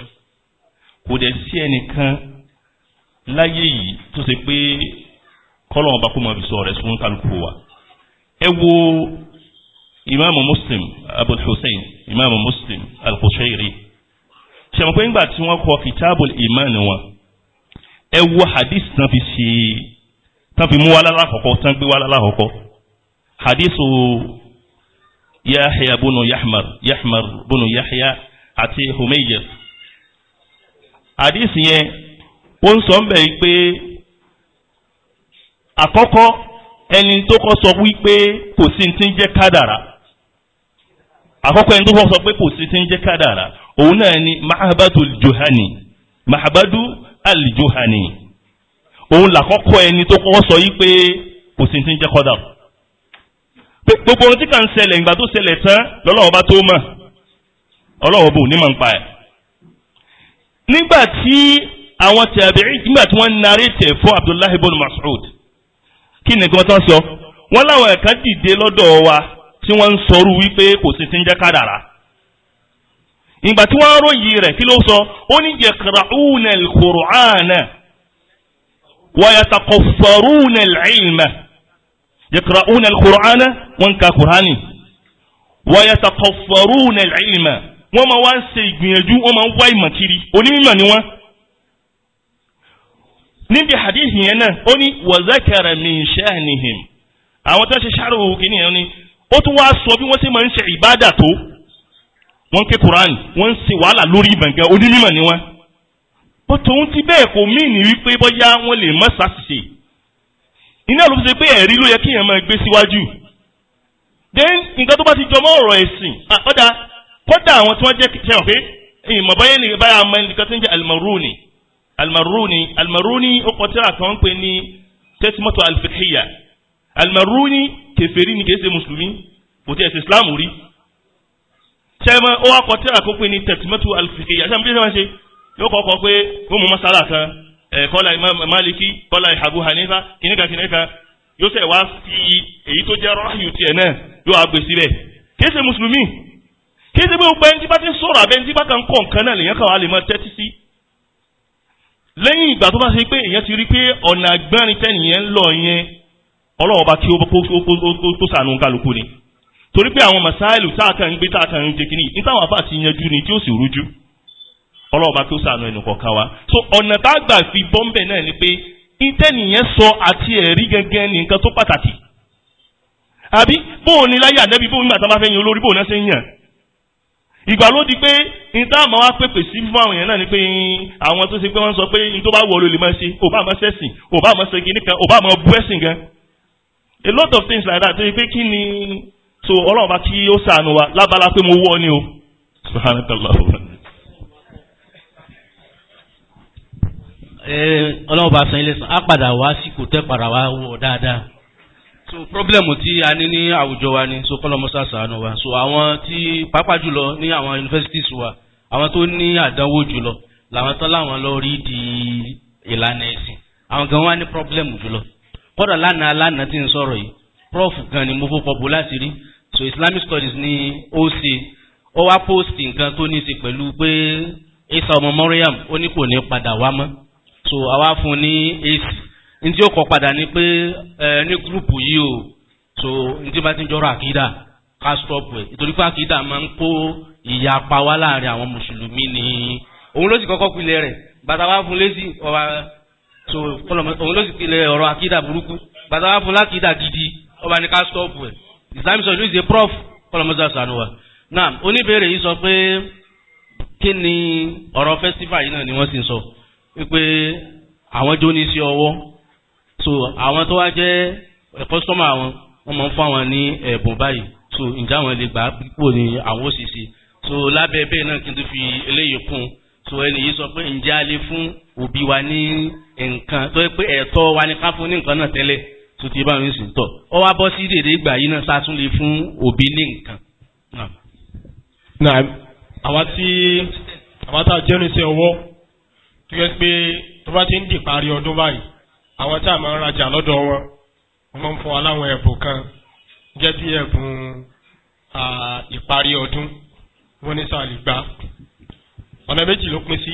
kò dẹ̀ sí ẹnìkan láyé yìí tó ṣe pé kọ́lọ́wọ́n bá kó máa fi sọ rẹ̀ sún kálukú wa ẹ wo imaamu muslim abul hussein imaamu muslim al-kushairi ṣàmùpé ńgbà tí wọ́n kọ kitaabul iman wọn ẹ wo hadith náà fi ṣe tán fi mú wa lálàkọ̀kọ́ tán gbé wa lálàkọ̀kọ́ hadithu yahya bunu yahmar yahmar bunu yahya àti humeyyar hadith yẹn ó ń sọ ń bẹ̀ yìí pé àkọ́kọ́ ẹni tó kọ́ sọ wípé kò sí ti ń jẹ́ kádàrà àkọ́kọ́ ẹni tó kọ́ sọ pé kò sí ti ń jẹ́ kádàrà òun náà ni mahabadu al mahabadu al-juhani òun làkọ́kọ́ ẹni tó kọ́kọ́ sọ yí pé kò sí ti ń jẹ́ kọ́dà gbogbo ohun tí kà ń ṣẹlẹ̀ ìgbà tó ṣẹlẹ̀ tán lọ́lọ́wọ́ bá tó mọ̀ ọlọ́wọ́ bò ní mọ̀ ń pa ẹ̀ nígbà tí àwọn tàbíì nígbà tí wọ́n narètè fún Abdullahi ibn Mas'ud kí ni kí wọ́n sọ wọ́n láwọn ẹ̀ka dìde lọ́dọ̀ wa tí wọ́n ń sọrú wípé kò sí ti ń jẹ́ kádàrá ìgbà tí wọ́n ròyìn rẹ̀ kí ló sọ ó ní yaqra'una al ويتقفرون العلم يقرؤون القرآن وانكا قرآني ويتقفرون العلم wọ́n máa wá ń ṣe ìgbìyànjú wọ́n máa ń wá ìmọ̀ kiri onímọ̀ ni wọ́n. níbi hadithi yẹn náà ó ní wazakara min sha'nihim àwọn tó ń ṣe ṣàrò kìíní yẹn ni ó tún wáá sọ bí wọ́n ṣe máa ń ṣe ìbádà tó wọ́n ké Quran wọ́n ń ṣe wàhálà lórí ìbànkẹ́ onímọ̀ ni wọ́n bó tòun ti bẹ́ẹ̀ kò míìnì wípé bóyá wọ́n lè mọ́ sàṣìṣe iná ló fi ṣe pé ẹ̀rí ló yẹ kéèyàn máa gbé síwájú then nǹkan tó bá ti jọmọ́ ọ̀rọ̀ ẹ̀sìn ọ̀dà kọ́dà àwọn tí wọ́n jẹ́ kí ṣẹ́wọ̀n pé ìmọ̀ báyé ni báyà máa nìkan tó ń jẹ́ almaruni almaruni almaruni ó kọ tíra kan pé ní tẹ́símọ́tò alfiqhiyya almaruni kèfèrí ni kìí ṣe mùsùlùmí kò tí ẹ̀ ṣe islam rí ṣẹ́wọ́n ó wá kọ tíra kan pé ní tẹ́símọ́tò alfiqhiyya ṣẹ́wọ́n bí wọ́n ṣe yóò kọkọ pé wọ́n mú masala kan eh, kọ́lá Maliki kọ́lá Abu Hanifa kìnìkan kìnìkan yóò sẹ̀ wá fi èyí tó jẹ́ ráàyù tiẹ̀ náà yóò àgbè síbẹ̀ kéésì mùsùlùmí kéésì pé gbogbo ẹni tí bá ti sọ̀rọ̀ àbẹ́ ẹni tí bá kàn kọ̀ nǹkan náà kàn wá lè máa tẹ́tí sí. lẹ́yìn ìgbà tó bá ṣe pé ti rí lọ yẹn ọlọ́wọ́ bá kí ó sànù kálukú ni torí pé àwọn ń gbé ń jẹ kínní ọlọ́ọ̀bá kí ó sànù ẹnì kọ̀ọ̀kan wa so ọ̀nà tá a gbà fi bọ́m̀bẹ̀ náà ni pé ìtẹ́nìyẹn sọ àti ẹ̀rí gẹ́gẹ́ ní nǹkan tó pàtàkì àbí bóun ni láyé àdẹ́bí bóun nígbà tá a bá fẹ́ yan olórí bóun náà ṣe ń yàn ìgbà ló di pé níta àmọ́ wá pèpè sí fún àwọn èèyàn náà ni pé àwọn tó ṣe pé wọ́n sọ pé ní tó bá wọ ọ máa ṣe ò bá máa ṣẹ̀sìn ò bá máa ṣe kinní ò bá máa bú ẹ̀sìn gan a lot of things like that tó yẹ pé kí ni so ọlọ́run bá kí ó sànù wa lábala pé mo wọ́ ni o subhanahu wa ta'ala. ọlọ́run bá san ilé san á padà wá sí tẹ́ padà wá wọ̀ dáadáa so problem tí a ní ní àwùjọ wa ni so kọ́lọ́mọ́sá sàánú wa so àwọn tí pàápàá jùlọ ní àwọn universities wa àwọn tó ní àdánwò jùlọ làwọn tán láwọn lọ rí di ìlànà ẹ̀sìn àwọn gan wa ní problem jùlọ kódà lánàá lánàá tí ń sọ̀rọ̀ yìí prof gan ni mo fò pọ̀bù láti rí so Islamic studies ni ó ṣe ó wá post nǹkan tó ní í ṣe pẹ̀lú pé Isa ọmọ ó ní kò ní padà wá mọ́ so àwa fún ní èsì ní tí ó kọ padà ni pé ẹ ní gúrùpù yìí o so ní tí bá ti ń jọrọ àkídà ká stọọpù ẹ nítorí pé àkídà máa ń kó ìyapa wá láàrin àwọn mùsùlùmí ni òun ló sì kọ́kọ́ pilẹ̀ rẹ̀ bàtà wá fún lésì ọba so fọlọmọ òun ló sì pilẹ̀ ọ̀rọ̀ àkídà burúkú bàtà wá fún lákìdà gidi ọba ní ká stọọpù ẹ islamic sọ ìlú ìṣe prof fọlọmọsá sanuwa náà oníbèrè yìí sọ pé kí ni ọ̀rọ̀ festival yìí náà ni wọ́n sì ń sọ. So wípé àwọn jó ní sí ọwọ́ so àwọn tó wá jẹ́ kọ́sítọ́mà àwọn wọ́n máa ń fún àwọn ní ẹ̀bùn báyìí so ǹjẹ́ àwọn lè gbà púpọ̀ ní àwọn òṣìṣẹ́ so lábẹ́ bẹ́ẹ̀ náà kí n tó fi eléyìí kún so ẹni yìí sọ pé ǹjẹ́ a lè fún òbí wa ní nǹkan tó yẹ pé ẹ̀tọ́ wa ni ká fún ní nǹkan náà tẹ́lẹ̀ tó ti bá mi sìn tọ̀ ọ wá bọ́ sí dèdè ìgbà yìí náà sátún lè fún òbí ní nǹkan. náà tí àwa tá a jẹ́rìí sí ọwọ́ tó yẹ pé tó bá ti ń di parí ọdún báyìí àwọn tá a máa ń rajà lọ́dọ̀ wọn wọ́n máa ń fún wa láwọn ẹ̀bùn kan jẹ́ bí ẹ̀bùn ìparí ọdún wọ́n ní sáà lè gbà ọ̀nà méjì ló pín sí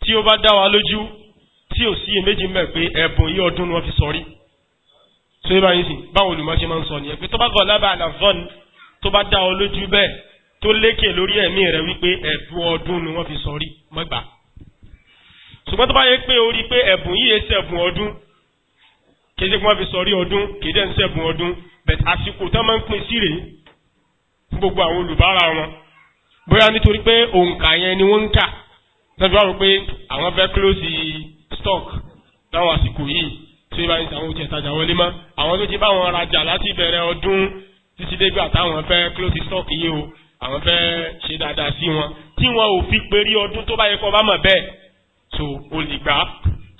tí ó bá dá wa lójú tí ò sí iyèméjì mẹ́ pé ẹ̀bùn yí ọdún ni wọ́n fi sọrí tó yẹ báyìí sìn báwọn olùmọ̀ọ́sẹ́ máa ń sọ nìyẹn pé tó bá gọ̀ lábà àlàfọ́n tó bá dá ọ lójú bẹ́ẹ̀ tó lékè lórí ẹ̀mí rẹ̀ wípé ẹ̀bùn ọdún ni wọ́n fi sọrí mọ́gbàá ṣùgbọ́n tó bá yẹ pé orí pé ẹ̀bùn yìí ṣe ẹ̀bùn ọdún kì í ṣe kí wọ́n fi sọrí ọdún kì í dẹ̀ ń ṣẹ̀bùn ọdún bẹ̀t àsìkò tán máa ń pín sí rèé fún gbogbo àwọn olùbárà wọn bóyá nítorí pé òǹkà yẹn ni wọ́n ń kà lọ́dún wá rò pé àwọn fẹ́ close stock láwọn àsìkò yìí tí ìbá ń sàwọn oúnjẹ ìtajà wọlé mọ́ àwọn tó ti bá wọn rajà láti bẹ̀rẹ̀ ọdún títí dégbà táwọn fẹ́ close stock yìí o àwọn fẹ́ ṣe dáadáa sí wọn tí wọn ò fi perí ọdún tó bá yẹ kó bá mọ̀ bẹ́ẹ̀ so o lè gbà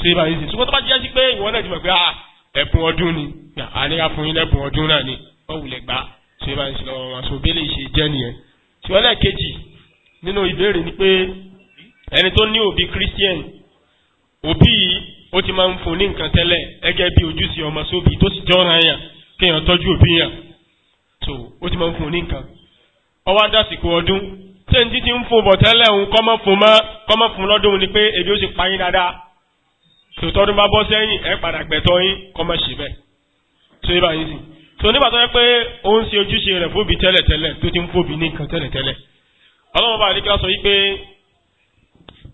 ṣe báyìí sí ṣùgbọ́n tó bá jẹ́ sí pé ìwọ náà ti mọ̀ pé ah, ẹ̀bùn ọdún ni àníyá fún yín lẹ́bùn ọdún náà ni wọ́n wulẹ̀ gbà ṣe báyìí sí lọ́wọ́ wọn so bí lè ṣe jẹ́ nìyẹn. ṣùgbọ́n lẹ́ẹ̀kejì nínú ìbéèrè ni pé ẹni tó ní òbí christian òbí yìí ó ti máa ń fún ní nǹkan tẹ́lẹ̀ gẹ́gẹ́ bí ojúṣe ọmọ sóbì tó sì jọ́ra yàn kéèyàn tọ́jú òbí yàn so ó ti máa ń fún ní nǹkan ọwọ́ adásìkò ọdún ṣé ní títí ń fún bọ̀ tẹ́lẹ̀ òun kọ́mọ́ fún mọ́ kọ́mọ́ fún lọ́dún ni pé ebi ó sì pa yín dáadáa tòótọ́dún bá bọ́ sẹ́yìn ẹ̀ padà gbẹ̀tọ́ yín kọ́mọ́ ṣe bẹ́ẹ̀ tó yẹ báyìí sì tó nígbà tó yẹ pé ó ń ṣe ojúṣe rẹ̀ fóbi tẹ́lẹ̀ tẹ́lẹ̀ tó ti ń fóbi ní nǹkan tẹ́lẹ̀ tẹ́lẹ̀ ọlọ́run bá àlekí sọ wípé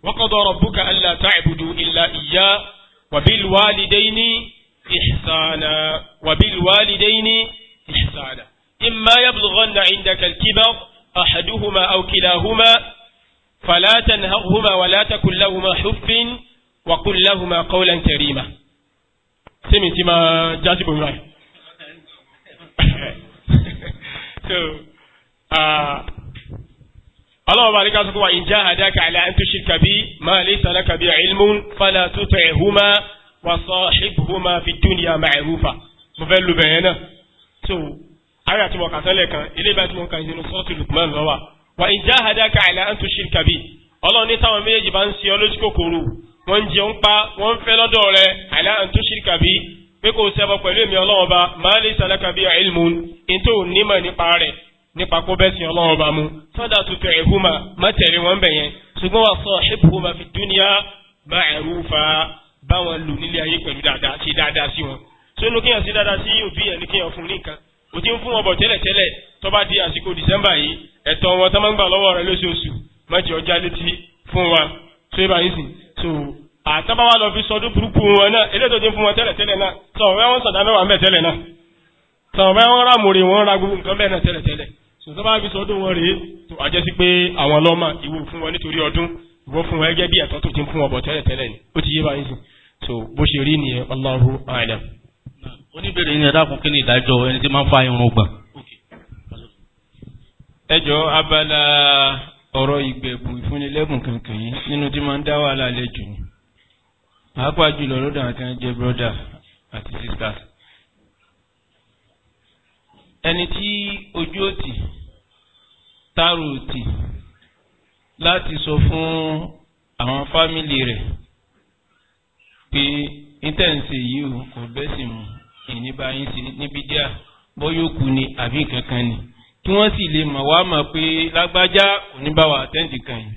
wa qada rabbuka alla ta'budu illa iyya أحدهما أو كلاهما فلا تنهرهما ولا تكن لهما حف وقل لهما قولا كريما سمي تما جاجب مراي اللهم بارك الله وإن جاهداك على أن تشرك بي ما ليس لك بعلم فلا تطعهما وصاحبهما في الدنيا معروفا مفلو بينا ayé àti mọ̀ọ́kà sẹ́lẹ̀ kan ilé ìbá tí mo kà nínú sọ́ọ̀tì Lukman lọ́wọ́ wa in jahadaka ala an tushrika bi ọlọ́run ní táwọn méjèèjì bá ń ṣe ọ lójú kòkòrò wọ́n ń jẹ ń pa wọ́n ń fẹ́ lọ́dọ̀ rẹ ala an tushrika bi pé kò ṣẹbọ pẹ̀lú èmi ọlọ́run ba ma laysa laka bi ilmun ètò onímọ̀ nípa rẹ̀ nípa kó bẹ́ẹ̀ sin ọlọ́run ba mu sọ́dà tuntun ìhùmà má tẹ̀lé wọn bẹ̀ yẹn ṣùgbọ́n wà sahibhuma fi dunya ma'rufa báwọn lò nílé ayé pẹ̀lú dáadáa sí dáadáa sí wọn. sónú kíyàn sí dáadáa sí òbí yẹn ní kíyàn fún ní nǹkan o ti ń fún wọn tẹ́lẹ̀tẹ́lẹ̀ tó bá di àsìkò dìsẹ́mbà yìí ẹ̀tọ́ wọn tó máa ń gbà lọ́wọ́ rẹ lóṣooṣù mẹ́jọ ọjà létí fún wa tó yẹ báyìí sìn so àtàbá wa lọ fi sọdún burúkú wọn náà eléyìí tó ti ń fún wọn tẹ́lẹ̀tẹ́lẹ̀ náà sọ̀rọ̀ bẹ́ẹ̀ wọ́n sọ̀dá mẹ́wàá mẹ́ tẹ́lẹ̀ náà sọ̀rọ̀ bẹ́ẹ̀ wọ́n rà mòrè wọ́n ra gbogbo nǹkan bẹ́ẹ̀ náà tẹ́lẹ̀tẹ́lẹ̀ so tó bá fi sọdún wọn rèé tó àjẹsí pé àwọn ọlọ́mà ìwò fún wọn nítorí ọdún ìwọ fún wọn gẹ́gẹ́ bí ẹ̀tọ́ tó ti ń fún wọn tẹ́lẹ̀tẹ́lẹ̀ ni ó ti yé báyìí sìn so bó ṣe rí nìyẹn Allahu a'lam oníbèrè yín ẹ̀dá kún kí ni ìdájọ́ ẹni tí máa ń fa irun gbọ̀n. ẹjọ́ abala ọ̀rọ̀ ìgbẹ̀bù ìfúnnilẹ́bùn kankan yìí nínú tí máa ń dá wàhálà lẹ́jù ni pàápàá jùlọ lọ́dọ̀ àti ẹjẹ́ brọ́dà àti sisters. ẹni tí ojú òtì tààrò òtì láti sọ fún àwọn fámìlì rẹ̀ pé intanṣe yìí kò bẹ́sìn mu ìní bá yín sí níbi díà bọ́yọ̀kù ni àbí kankan ni kí wọ́n sì lè mọ̀ wá mọ̀ pé lágbájá kò ní bá wa àtẹ́ǹdì kan yìí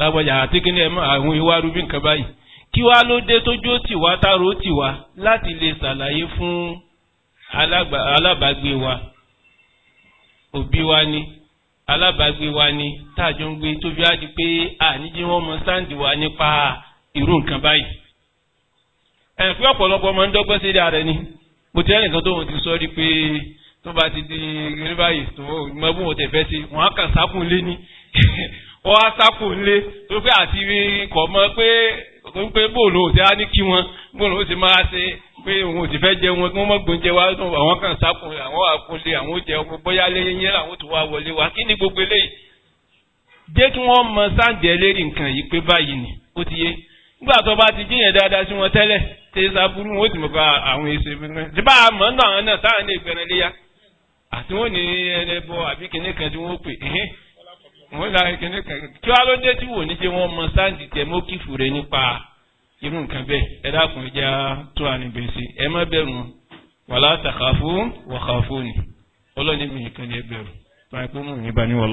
lágbájá àtẹ́kẹ́ni ẹ̀ mọ́ àwọn ìwà rúbí nǹkan báyìí kí wá ló dé tójú ó tì wá táró ó tì wá láti lè ṣàlàyé fún alábàágbé wa òbí wa ni alábàágbé wa ni táàjọ ń gbé tó fi á pé àníjí wọn mọ sáǹdì wa nípa irú nǹkan báyìí ẹ̀ pé ọ̀pọ̀lọpọ̀ máa ń dọ́gbọ́n sí ara ẹni mo ti rẹ́ nìkan tóun ti sọ rí pé tó bá ti di rí báyìí tó mọ bí wọn tẹ̀ fẹ́ sí wọn á kàn sákùn lé ní wọn á sákùn lé tó pé àti kọ̀ mọ́ pé pé bóòlù ò ti á ní kí wọn bóòlù ó ti máa ṣe pé òun ò ti fẹ́ jẹ wọn kí wọ́n mọ̀ gbóúnjẹ wa àwọn kan sákùn àwọn àkúnlé àwọn jẹ ọkọ bóyá lẹ́yìn yẹn làwọn tó wá wọlé wa kí ni gbogbo eléyìí jẹ́ kí wọ́n mọ sáǹdì ẹlẹ́rìí nǹkan yìí pé báyìí ni ó ti yé nígbà tó bá ti jíyàn dáadáa sí wọn tẹ́lẹ̀ tẹ́ sábúrú wọn ó ti mọ̀ pé àwọn èsè mìíràn tí bá a mọ̀ ń náà náà táwọn ní ìgbẹ̀rẹ̀ léyà àti wọn ní ẹlẹ́bọ àbí kìnní kan tí wọ́n pè é wọ́n là kìnní kan kí wọ́n ló dé tí wò ní ṣe wọ́n mọ sáǹdì tẹ mọ́kìfù rẹ nípa irú nǹkan bẹ́ẹ̀ ẹ dákun ẹja tó àníbẹ̀ sí ẹ má bẹ̀rù wàlá tàkàfù wàkàfù ni ọlọ́ni mi nìkan ni ẹ bẹ̀rù báyìí pé mò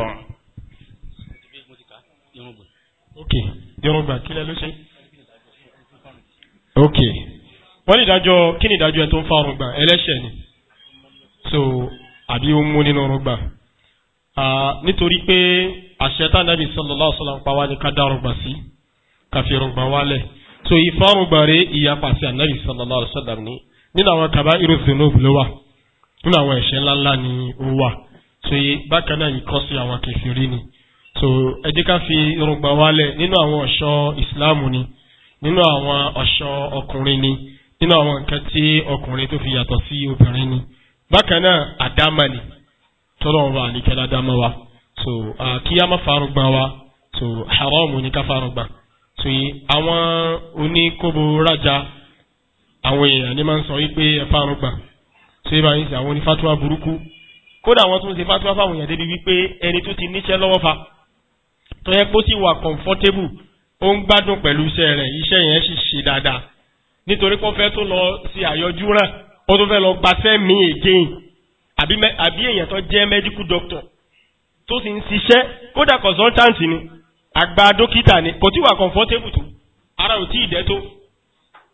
ń ok wọ́n ní ìdájọ́ kí ni ìdájọ́ ẹ tó ń fa ọrùn gbà ẹlẹ́ṣẹ̀ ni so àbí ó ń mú nínú ọrùn gbà nítorí pé àṣẹ tánàbì sallallahu alaihi wasallam ń pa wá ní ká dá ọrùn gbà sí ká ọrùn gbà wálẹ̀ so ìfarun gbà rẹ ìyapa sí ànábì sallallahu alaihi wasallam ní nínú àwọn kaba irúfin ló wà nínú àwọn ẹ̀ṣẹ̀ ńláńlá ni ó wà so bákan náà yìí kọ́ sí ni so ẹ jẹ́ ká fi irun gbà wálẹ̀ nínú àwọn ọ̀ṣọ́ ọkùnrin ni nínú àwọn nǹkan tí ọkùnrin tó fi yàtọ̀ sí obìnrin ni bákan náà àdámà ni tọ́lọ́ ọba àníkẹ́lá dámà wa so kí á má farugbọn wa so haram ni ká farugbọn so àwọn oníkóbo rájà àwọn èèyàn ni máa ń sọ wípé ẹ farugbọn so ibà yín sí àwọn onífàtúwà burúkú kódà wọn tún ṣe fàtúwà fáwọn èèyàn débi wípé ẹni tó ti níṣẹ́ lọ́wọ́ fa tó yẹ kó sì wà comfortable ó ń gbádùn pẹ̀lú iṣẹ́ rẹ̀ iṣẹ́ yẹn sì ṣe dáadáa nítorí pé ó fẹ́ tó lọ sí àyọjú rẹ̀ ó tó fẹ́ lọ gbafẹ́ mi again àbí èèyàn tó jẹ́ medical doctor tó sì ń ṣiṣẹ́ kódà consultant ni àgbà dókítà ni kò tí wà comfortable tó ara ò tí ì dẹ́ tó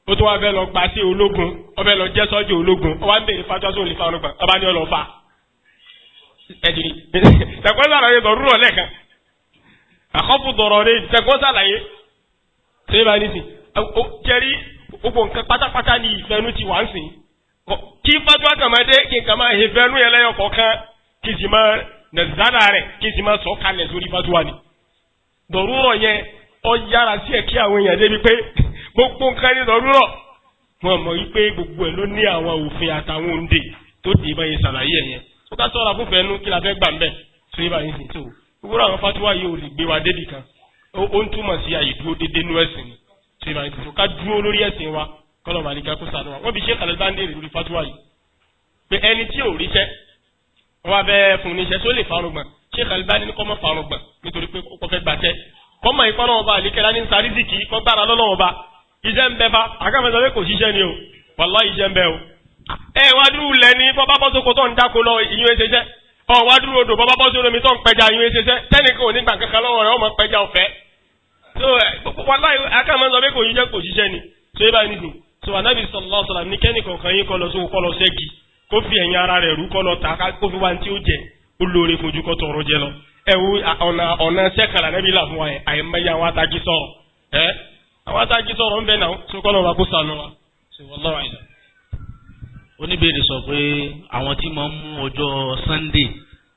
ó tó wá fẹ́ lọ pa sí ológun ó fẹ́ lọ jẹ́ sọ́jà ológun ó wá ń bèrè fatuwa sí olùfà ọlọ́gbà ọba ni ó lọ fa ẹ̀dìrí ẹ̀kọ́ sára yẹn sọ rúrọ̀ lẹ́ẹ̀kan àkọ́fù dọ̀rọ̀ rẹ̀ ìfẹ́kọ́ sàlàyé ṣé bá ní sìn jẹ́rí gbogbo nǹkan pátápátá ni ìfẹ́nu ti wà ń sìn kí fatuwa kàmáde kí n kà máa he fẹ́nu yẹn lẹ́yọ̀ kọ̀ọ̀kan kí n sì máa nàìjíríà rẹ̀ kí n sì máa sọ kalẹ̀ sórí fatuwa ni. dọ̀rúrọ̀ yẹn ọ yára sí ẹ̀ kí àwọn èèyàn débi pé gbogbo nǹkan ní dọ̀rúrọ̀ wọn mọ̀ wípé gbogbo ẹ̀ ló ní àwọn òfin àtàwọn òǹdè tó dì í sàlàyé ẹ̀ yẹn. ó ká sọ̀rọ̀ fún fẹ́nu kí la fẹ́ gbà ń bẹ̀ sórí báyìí tó gbogbo àwọn fatiwa yìí ò lè gbé wa débì kan ó ń túmọ̀ sí àyèdúró dédé nú ẹ̀sìn ni ṣe máa ń dúró ká dúró lórí ẹ̀sìn wa kọ́lọ̀ máa ní ká sànú wa wọ́n fi ṣe kàlẹ́ bá ń dèrè lórí fatiwa yìí pé ẹni tí ò ríṣẹ́ wọ́n wá bẹ́ẹ̀ fún un níṣẹ́ tó lè farun gbọ̀n ṣe kàlẹ́ bá ní kọ́ mọ́ farun gbọ̀n nítorí pé kò fẹ́ gbàtẹ́ kọ́mọ̀ ìpọ́n wá dúró lẹ́ni bọ́ tó ń dáko lọ ìyún ẹsẹ̀ ọ wá dúró odò bọ́bá bọ́ sí omi tó ń pẹja yín ṣiṣẹ́ tẹ́nìkan ò ní gbà kankan lọ́wọ́ rẹ̀ ọmọ pẹja ọ̀fẹ́ so wọn láì akáàmọ́ sọ pé kò kò ni so yíba ní sùn so anabi sallallahu alaihi wasallam ní kẹ́nìkan kan yín kọ́ lọ sóko lọ sẹ́gi kó fi ẹ̀yìn ara rẹ̀ rú lọ kó fi wá ní tí ó jẹ ó lóore fojú kọ́ tọrọ jẹ lọ ẹ wo ọ̀nà ọ̀nà sẹ́kàlà là fún wa oníbèrè sọ pé àwọn tí máa ń mú ọjọ́ Sunday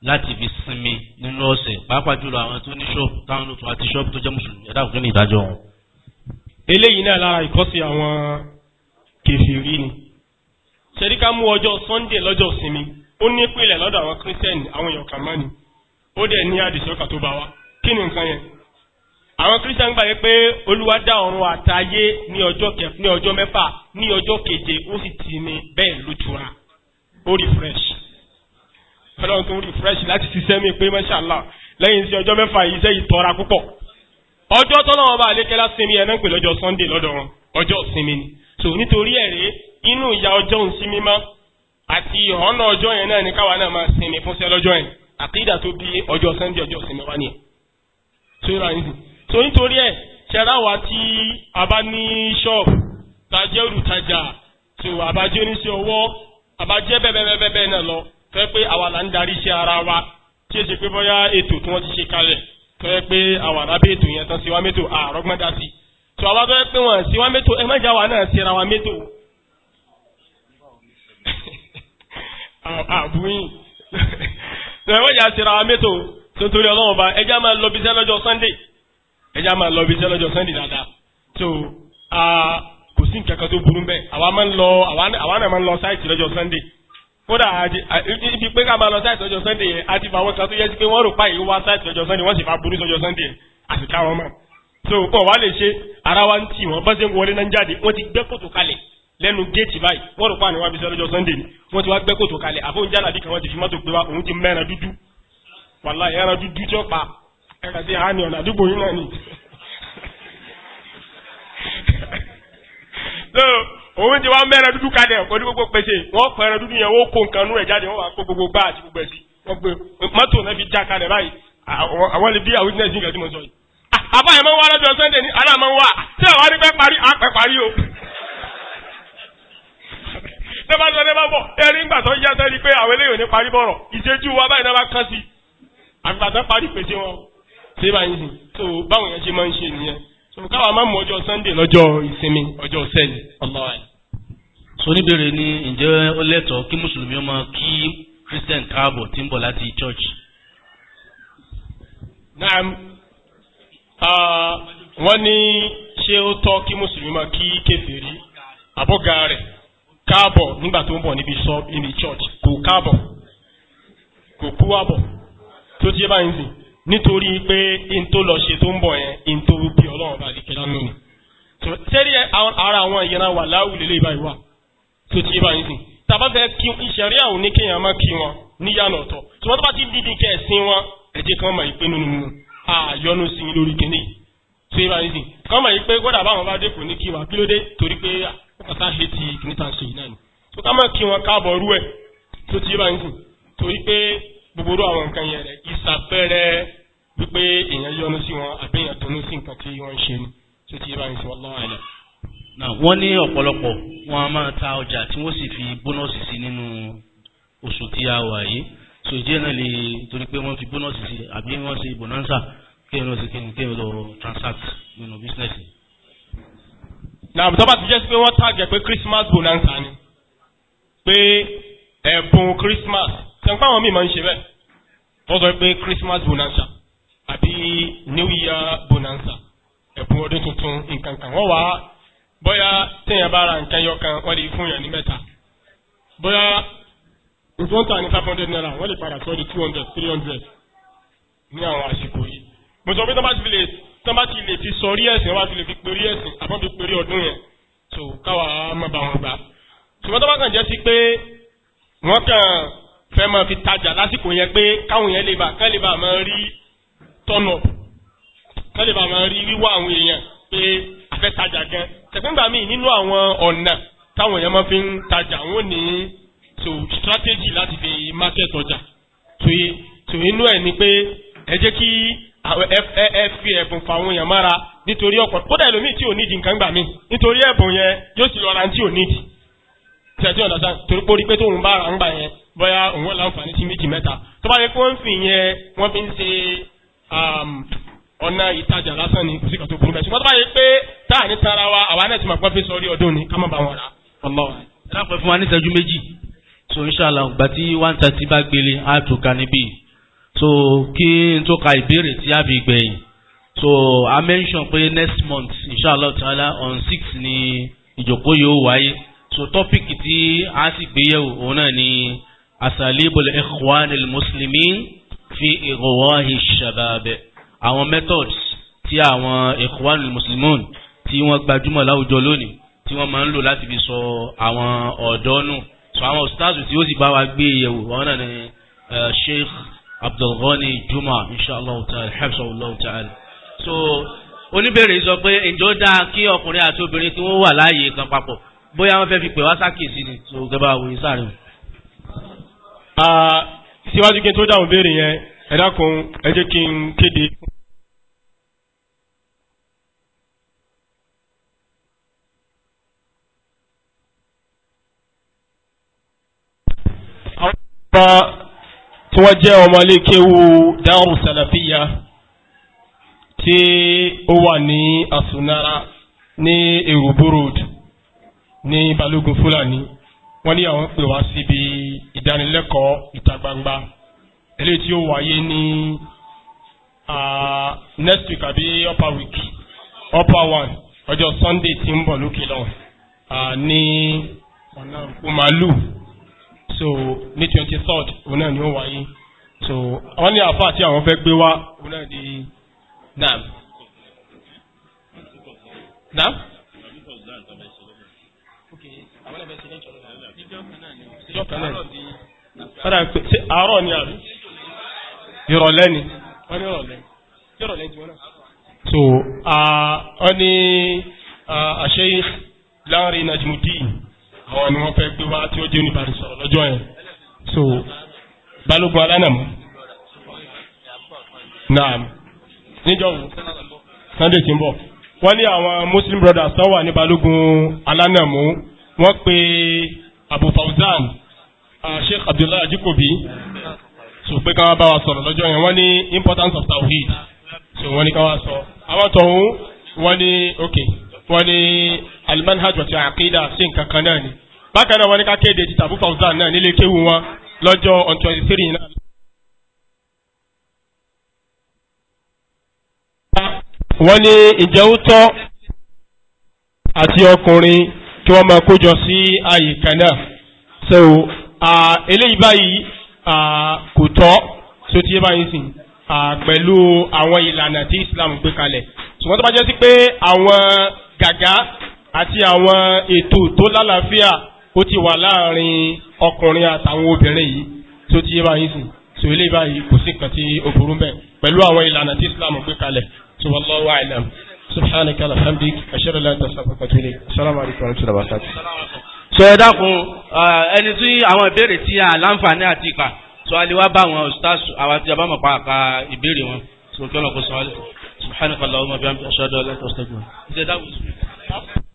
láti fi sinmi nínú ọ̀sẹ̀ pàápàá jùlọ àwọn tó ní ṣọ́ọ̀bù táwọn lò tó àti ṣọ́ọ̀bù tó jẹ́ mùsùlùmí ẹ̀dá òkè ní ìdájọ́ wọn. eléyìí náà lára ìkọ́sí àwọn kèfèrí ni ṣẹ́rí mú ọjọ́ Sunday lọ́jọ́ sinmi ó ní ìpìlẹ̀ lọ́dọ̀ àwọn kírísítẹ́nì àwọn èèyàn kàmánì ó dẹ̀ ní àdìsọ́kà tó bá wa kí ni nǹkan yẹn àwọn kírísítẹ́nì gbàgbé pé olúwa dá ọ̀run àtayé ní ọjọ́ kẹf ní ọjọ́ mẹ́fà ní ọjọ́ keje ó sì ti ní bẹ́ẹ̀ lójúra ó refresh fẹ́ràn tó refresh láti ṣiṣẹ́ mi pé mashallah lẹ́yìn sí ọjọ́ mẹ́fà yìí sẹ́yìn tọ́ra púpọ̀ ọjọ́ tọ́lọ́wọ́n bá àlékẹ́lá sinmi ẹ̀ náà ń pè lọ́jọ́ Sunday lọ́dọ̀ wọn ọjọ́ sinmi ni so nítorí ẹ̀rẹ́ inú ìyá ọjọ́ ń sí mímọ́ àti ọ̀nà ọjọ́ yẹn náà ní káwa náà máa sinmi fúnṣẹ́ Sunday ọjọ́ sinmi wá nìyẹn so nítorí ẹ̀ ṣẹ̀rá wa tí a bá ní ṣọ́ọ̀bù ta jẹ́ olùtajà tó àbájẹ́ oníṣẹ́ ọwọ́ àbájẹ́ bẹ́ẹ̀bẹ́ẹ̀bẹ́ẹ̀ náà lọ fẹ́ pé àwa là ń darí iṣẹ́ ara wa tí ó ṣe pé bóyá ètò tí wọ́n ti ṣe kalẹ̀ fẹ́ pé àwa lábẹ́ ètò yẹn tán sí wa mẹ́tò àrọ́gbọ́n dá sí tó àwa tó yẹ pé wọ́n sí wa mẹ́tò ẹ mẹ́jà wa náà síra wa mẹ́tò àbúyìn tó ẹ mẹ́jà síra wa mẹ́tò tó torí ọlọ́run ọba ẹjá máa lọ bí sẹ́ lọ́jọ́ Sunday ẹja máa lọ ibi iṣẹ́ lọ́jọ́ sunday dáadáa so kò sí nǹkan kan tó burú bẹ́ẹ̀ àwa máa ń lọ àwa náà máa ń lọ sáìtì lọ́jọ́ sunday kódà ibi pé ká máa lọ sáìtì lọ́jọ́ sunday yẹn àti fàwọn kan tó yẹ sí pé wọ́n rò páyì wá sáìtì lọ́jọ́ sunday wọ́n sì fa burú sọ́jọ́ sunday yẹn àti káwọn mọ̀ so wọn wá lè ṣe ara wa ń tì wọ́n bá ṣe ń wọlé náà ń jáde wọ́n ti gbẹ́ kòtò kalẹ̀ lẹ́nu géètì báyìí wọ́n rò páyì wá bí sọ́jọ́ sunday ni wọ́n ti wá gbẹ́ kòtò kalẹ̀ àbóńjálàbí kan wọ́n ti fi mọ́tò gbé wa òun ti mẹ́ran dúdú wàláhì ẹran dúdú tí ó pa àti àánì ọ̀nà àdúgbò yín náà ni. so òun ti wá mẹ́rin dúdú kalẹ̀ pẹ̀lú gbogbo pèsè wọ́n pẹ̀rẹ̀ dúdú yẹn wọ́n kó nǹkan nú ẹ̀ jáde wọ́n wá kó gbogbo gbá àti gbogbo ẹ̀sìn wọ́n gbé mọ́tò náà fi já kalẹ̀ báyìí àwọn lè bí àwọn ìdílé ìdílé tí mo sọ yìí. àbá yẹn máa ń wá lọ́jọ́ sunday ní aláàmọ́ wà tí àwọn arígbẹ́ parí àpẹ́ parí o tó sọ lẹ́bàá bọ̀ ẹ̀rí ṣé báyìí sì so báwọn yẹn ṣe máa ń ṣe nìyẹn so káwa máa mú ọjọ́ sunday lọ́jọ́ ìsinmi ọjọ́ sẹ́yìn ọlọ́wàá. so níbẹ̀rẹ̀ ni ǹjẹ́ ó kí mùsùlùmí ọmọ kí christian káàbọ̀ tí ń bọ̀ láti church. naam ah, wọ́n ní ṣé ó tọ́ kí mùsùlùmí kí rẹ̀ káàbọ̀ nígbà tó ń bọ̀ níbi nítorí pé in tó lọ ṣe tó ń bọ̀ yẹn in tó bí ọlọ́run bá di kẹlá nù. sẹ́rí ara àwọn ìyẹn wà láwùlé lè báyìí wà tó ti yé báyìí sìn. tàbá fẹ́ kí ìṣẹ̀rí àwọn oníkéèyàn máa kí wọn níyànà ọ̀tọ̀ tí wọ́n tó bá ti dídí kẹ́ ẹ̀ sin wọn ẹ̀jẹ̀ kan mọ̀ ìpinnu nù àyọnu sí i lórí kìnìyì tó báyìí sìn. kàn mọ̀ yìí pé kódà bá dé kò ní kí ni. tó ká mọ̀ kí wọn káàbọ̀ rú ẹ̀ tó ti yé gbogbo àwọn nǹkan yẹn rẹ̀ ìsàpẹrẹ wípé èèyàn yọnu sí wọn àbí èèyàn dùnú sí nǹkan tí wọ́n ń ṣe ni tó ti bá ìsìn wọn lọ́wọ́ àlẹ́. wọ́n ní ọ̀pọ̀lọpọ̀ wọn a máa ta ọjà tí wọ́n sì fi bónọ́ọ̀sì sí nínú oṣù tí a wà yìí so díẹ̀ náà lè torí pé wọ́n fi bónọ́ọ̀sì sí àbí wọ́n ṣe bonanza kéèyàn sì kéèyàn lọ transact nínú bísínẹ́sì. na àbùtọ́ bá ti jẹ́ sí pé wọ́n tàgẹ̀ pé Christmas bonanza ni pé ẹ̀bùn Christmas tẹ̀ ń pàwọn míì máa ń ṣe bẹ́ẹ̀ wọ́n sọ pé Christmas bonanza àbí New Year bonanza ẹ̀bùn ọdún tuntun nǹkan kan wọ́n wá bóyá téèyàn bá ra nǹkan yọ kan wọ́n lè fún yàn ní mẹ́ta bóyá nǹkan tà ní five hundred naira wọ́n lè padà sọ di two hundred three hundred ní àwọn àsìkò yìí mo sọ pé tọ́ bá ti lè tọ́ ti lè fi sọ orí ẹ̀sìn wọ́n ti lè fi pe orí ẹ̀sìn àbọ̀ fi pe orí ọdún yẹn so káwa má ba wọn gbà ṣùgbọ́n tọ́ bá jẹ́ sí pé wọ́n kàn fẹ́ máa fi tajà lásìkò yẹn pé káwọn yẹn lè bá kán lè bá máa rí tọ̀nà kán lè bá máa rí wíwá àwọn èèyàn pé afẹ́ tajà gan tẹ̀síńgbà míì nínú àwọn ọ̀nà táwọn èèyàn máa fi ń tajà wọn ní so strategy láti fi market ọjà so so inú ẹ̀ ni pé ẹ jẹ́ kí ẹ fi ẹ̀bùn fáwọn èèyàn mára nítorí ọ̀pọ̀ kódà ẹlòmíì tí ò nídìí nǹkan gbà mí nítorí ẹ̀bùn yẹn yóò sì lọ tí ò nídìí tẹ̀sí sáà torí pé tóun bá ra ń gbà yẹn bóyá òun láǹfààní sí méjì mẹ́ta tó bá yẹ kí wọ́n fi yẹn wọ́n fi ń ṣe um, ọ̀nà ìtajà lásán ni kò tó burú bẹ́ẹ̀ ṣùgbọ́n tó bá yẹ pé táà ní tara wa àwa náà ti máa pẹ́ fi sọ orí ọdún ni ká má ba wọn rà ọlọ́run. ẹ dápẹ́ fún wa ní ìṣẹ́jú méjì so inshallah ìgbà tí one thirty bá gbélé á tún ka níbí so kí n tó ka ìbéèrè tí a fi gbẹ̀yìn so i mention pé next month inshallah ta'ala on six ni ìjòkó yóò wáyé so topic tí a sì gbéyẹ̀wò òun náà ni asalibul ikhwanil muslimin fi igwahi shabab àwọn methods tí àwọn ikhwanil muslimun tí wọ́n gbajúmọ̀ láwùjọ lónìí tí wọ́n máa ń lò láti fi sọ àwọn ọ̀dọ́ nù sọ àwọn ustaazu tí ó wa gbé yẹ̀wò àwọn náà ni eh, sheikh abdulghani juma inshallah ta'ala hafsahullah ta'ala so oníbèrè sọ pé ǹjọ́ dáa kí ọkùnrin àti obìnrin tí wọ́n wà láàyè kan papọ̀ bóyá wọ́n fẹ́ fi pè wá sákèsí ni so gẹ́gẹ́ bá wòye sáré síwájú kí n tó dáhùn béèrè yẹn ẹ dákun ẹ jẹ́ kí n kéde. àwọn ọmọ tí wọ́n jẹ́ ọmọ iléekéwu Daaru Salafiyya tí ó wà ní Asunara ní Èrúbú Road ní Balógun Fúlàní wọ́n ní àwọn pè wá síbi ìdánilẹ́kọ̀ọ́ ìta gbangba eléyìí tí ó wáyé ní next week àbí upper week upper one ọjọ́ sunday tí ń bọ̀ lókè lọ ní umalu so ní twenty third òun náà ni ó wáyé so wọ́n ní àfa àti àwọn fẹ́ gbé wá òun náà ni nam nam. Okay padà pé ṣe àárọ̀ ni àbí ìrọ̀lẹ́ ni wọ́n ní ìrọ̀lẹ́ ìrọ̀lẹ́ wọ́n náà. so wọ́n ní àṣeyí láàrin Najmudi, àwọn ni wọ́n fẹ́ gbé wá tí ó jẹ́ oníbàárẹ̀ sọ̀rọ̀ lọ́jọ́ yẹn so balógun alánàmú naam níjọ́ wo sunday ti ń bọ̀ wọ́n ní àwọn muslim brothers tó wà ní balógun alánàmú wọ́n pe. Abu Fawzan uh, Sheikh Abdullahi Ajikobi so pé káwá bá wa sọ̀rọ̀ lọ́jọ́ yẹn wọ́n importance of tawhid so wani ní káwá sọ àwọn tọ̀hún wọ́n ní ok wọ́n ní almanhaj àti aqida sí nǹkan kan náà bákan náà wọ́n ní kéde ti Abu Fawzan náà nílé kéwu wọn lọ́jọ́ on twenty three náà. wọ́n ní ìjẹ́ àti ọkùnrin kí wọ́n máa kójọ sí ààyè kan náà so eléyìí báyìí kò tọ́ tí ó ti yé báyìí sìn pẹ̀lú àwọn ìlànà tí Islam gbé kalẹ̀ ṣùgbọ́n tó bá jẹ́ sí pé àwọn gàgá àti àwọn ètò tó lálàáfíà ó ti wà láàrin ọkùnrin àtàwọn obìnrin yìí tí ó ti yé báyìí sìn so eléyìí báyìí kò sí nǹkan tí ó burú bẹ́ẹ̀ pẹ̀lú àwọn ìlànà tí Islam gbé kalẹ̀ tí wọ́n lọ́wọ́ àìlẹ́mù subhanaka alhamdik ashara la tasabaka tuli assalamu alaikum wa rahmatullahi wa barakatuh so ẹ dákun ẹni tí àwọn ìbéèrè tí a láǹfààní àti ìka so a lè wá bá àwọn ustaz àwa tí a bá mọ̀ pa àka ìbéèrè wọn so kí ọlọ́kùnrin sọ wálé subhanaka allahumma bihamdika la ilaha illa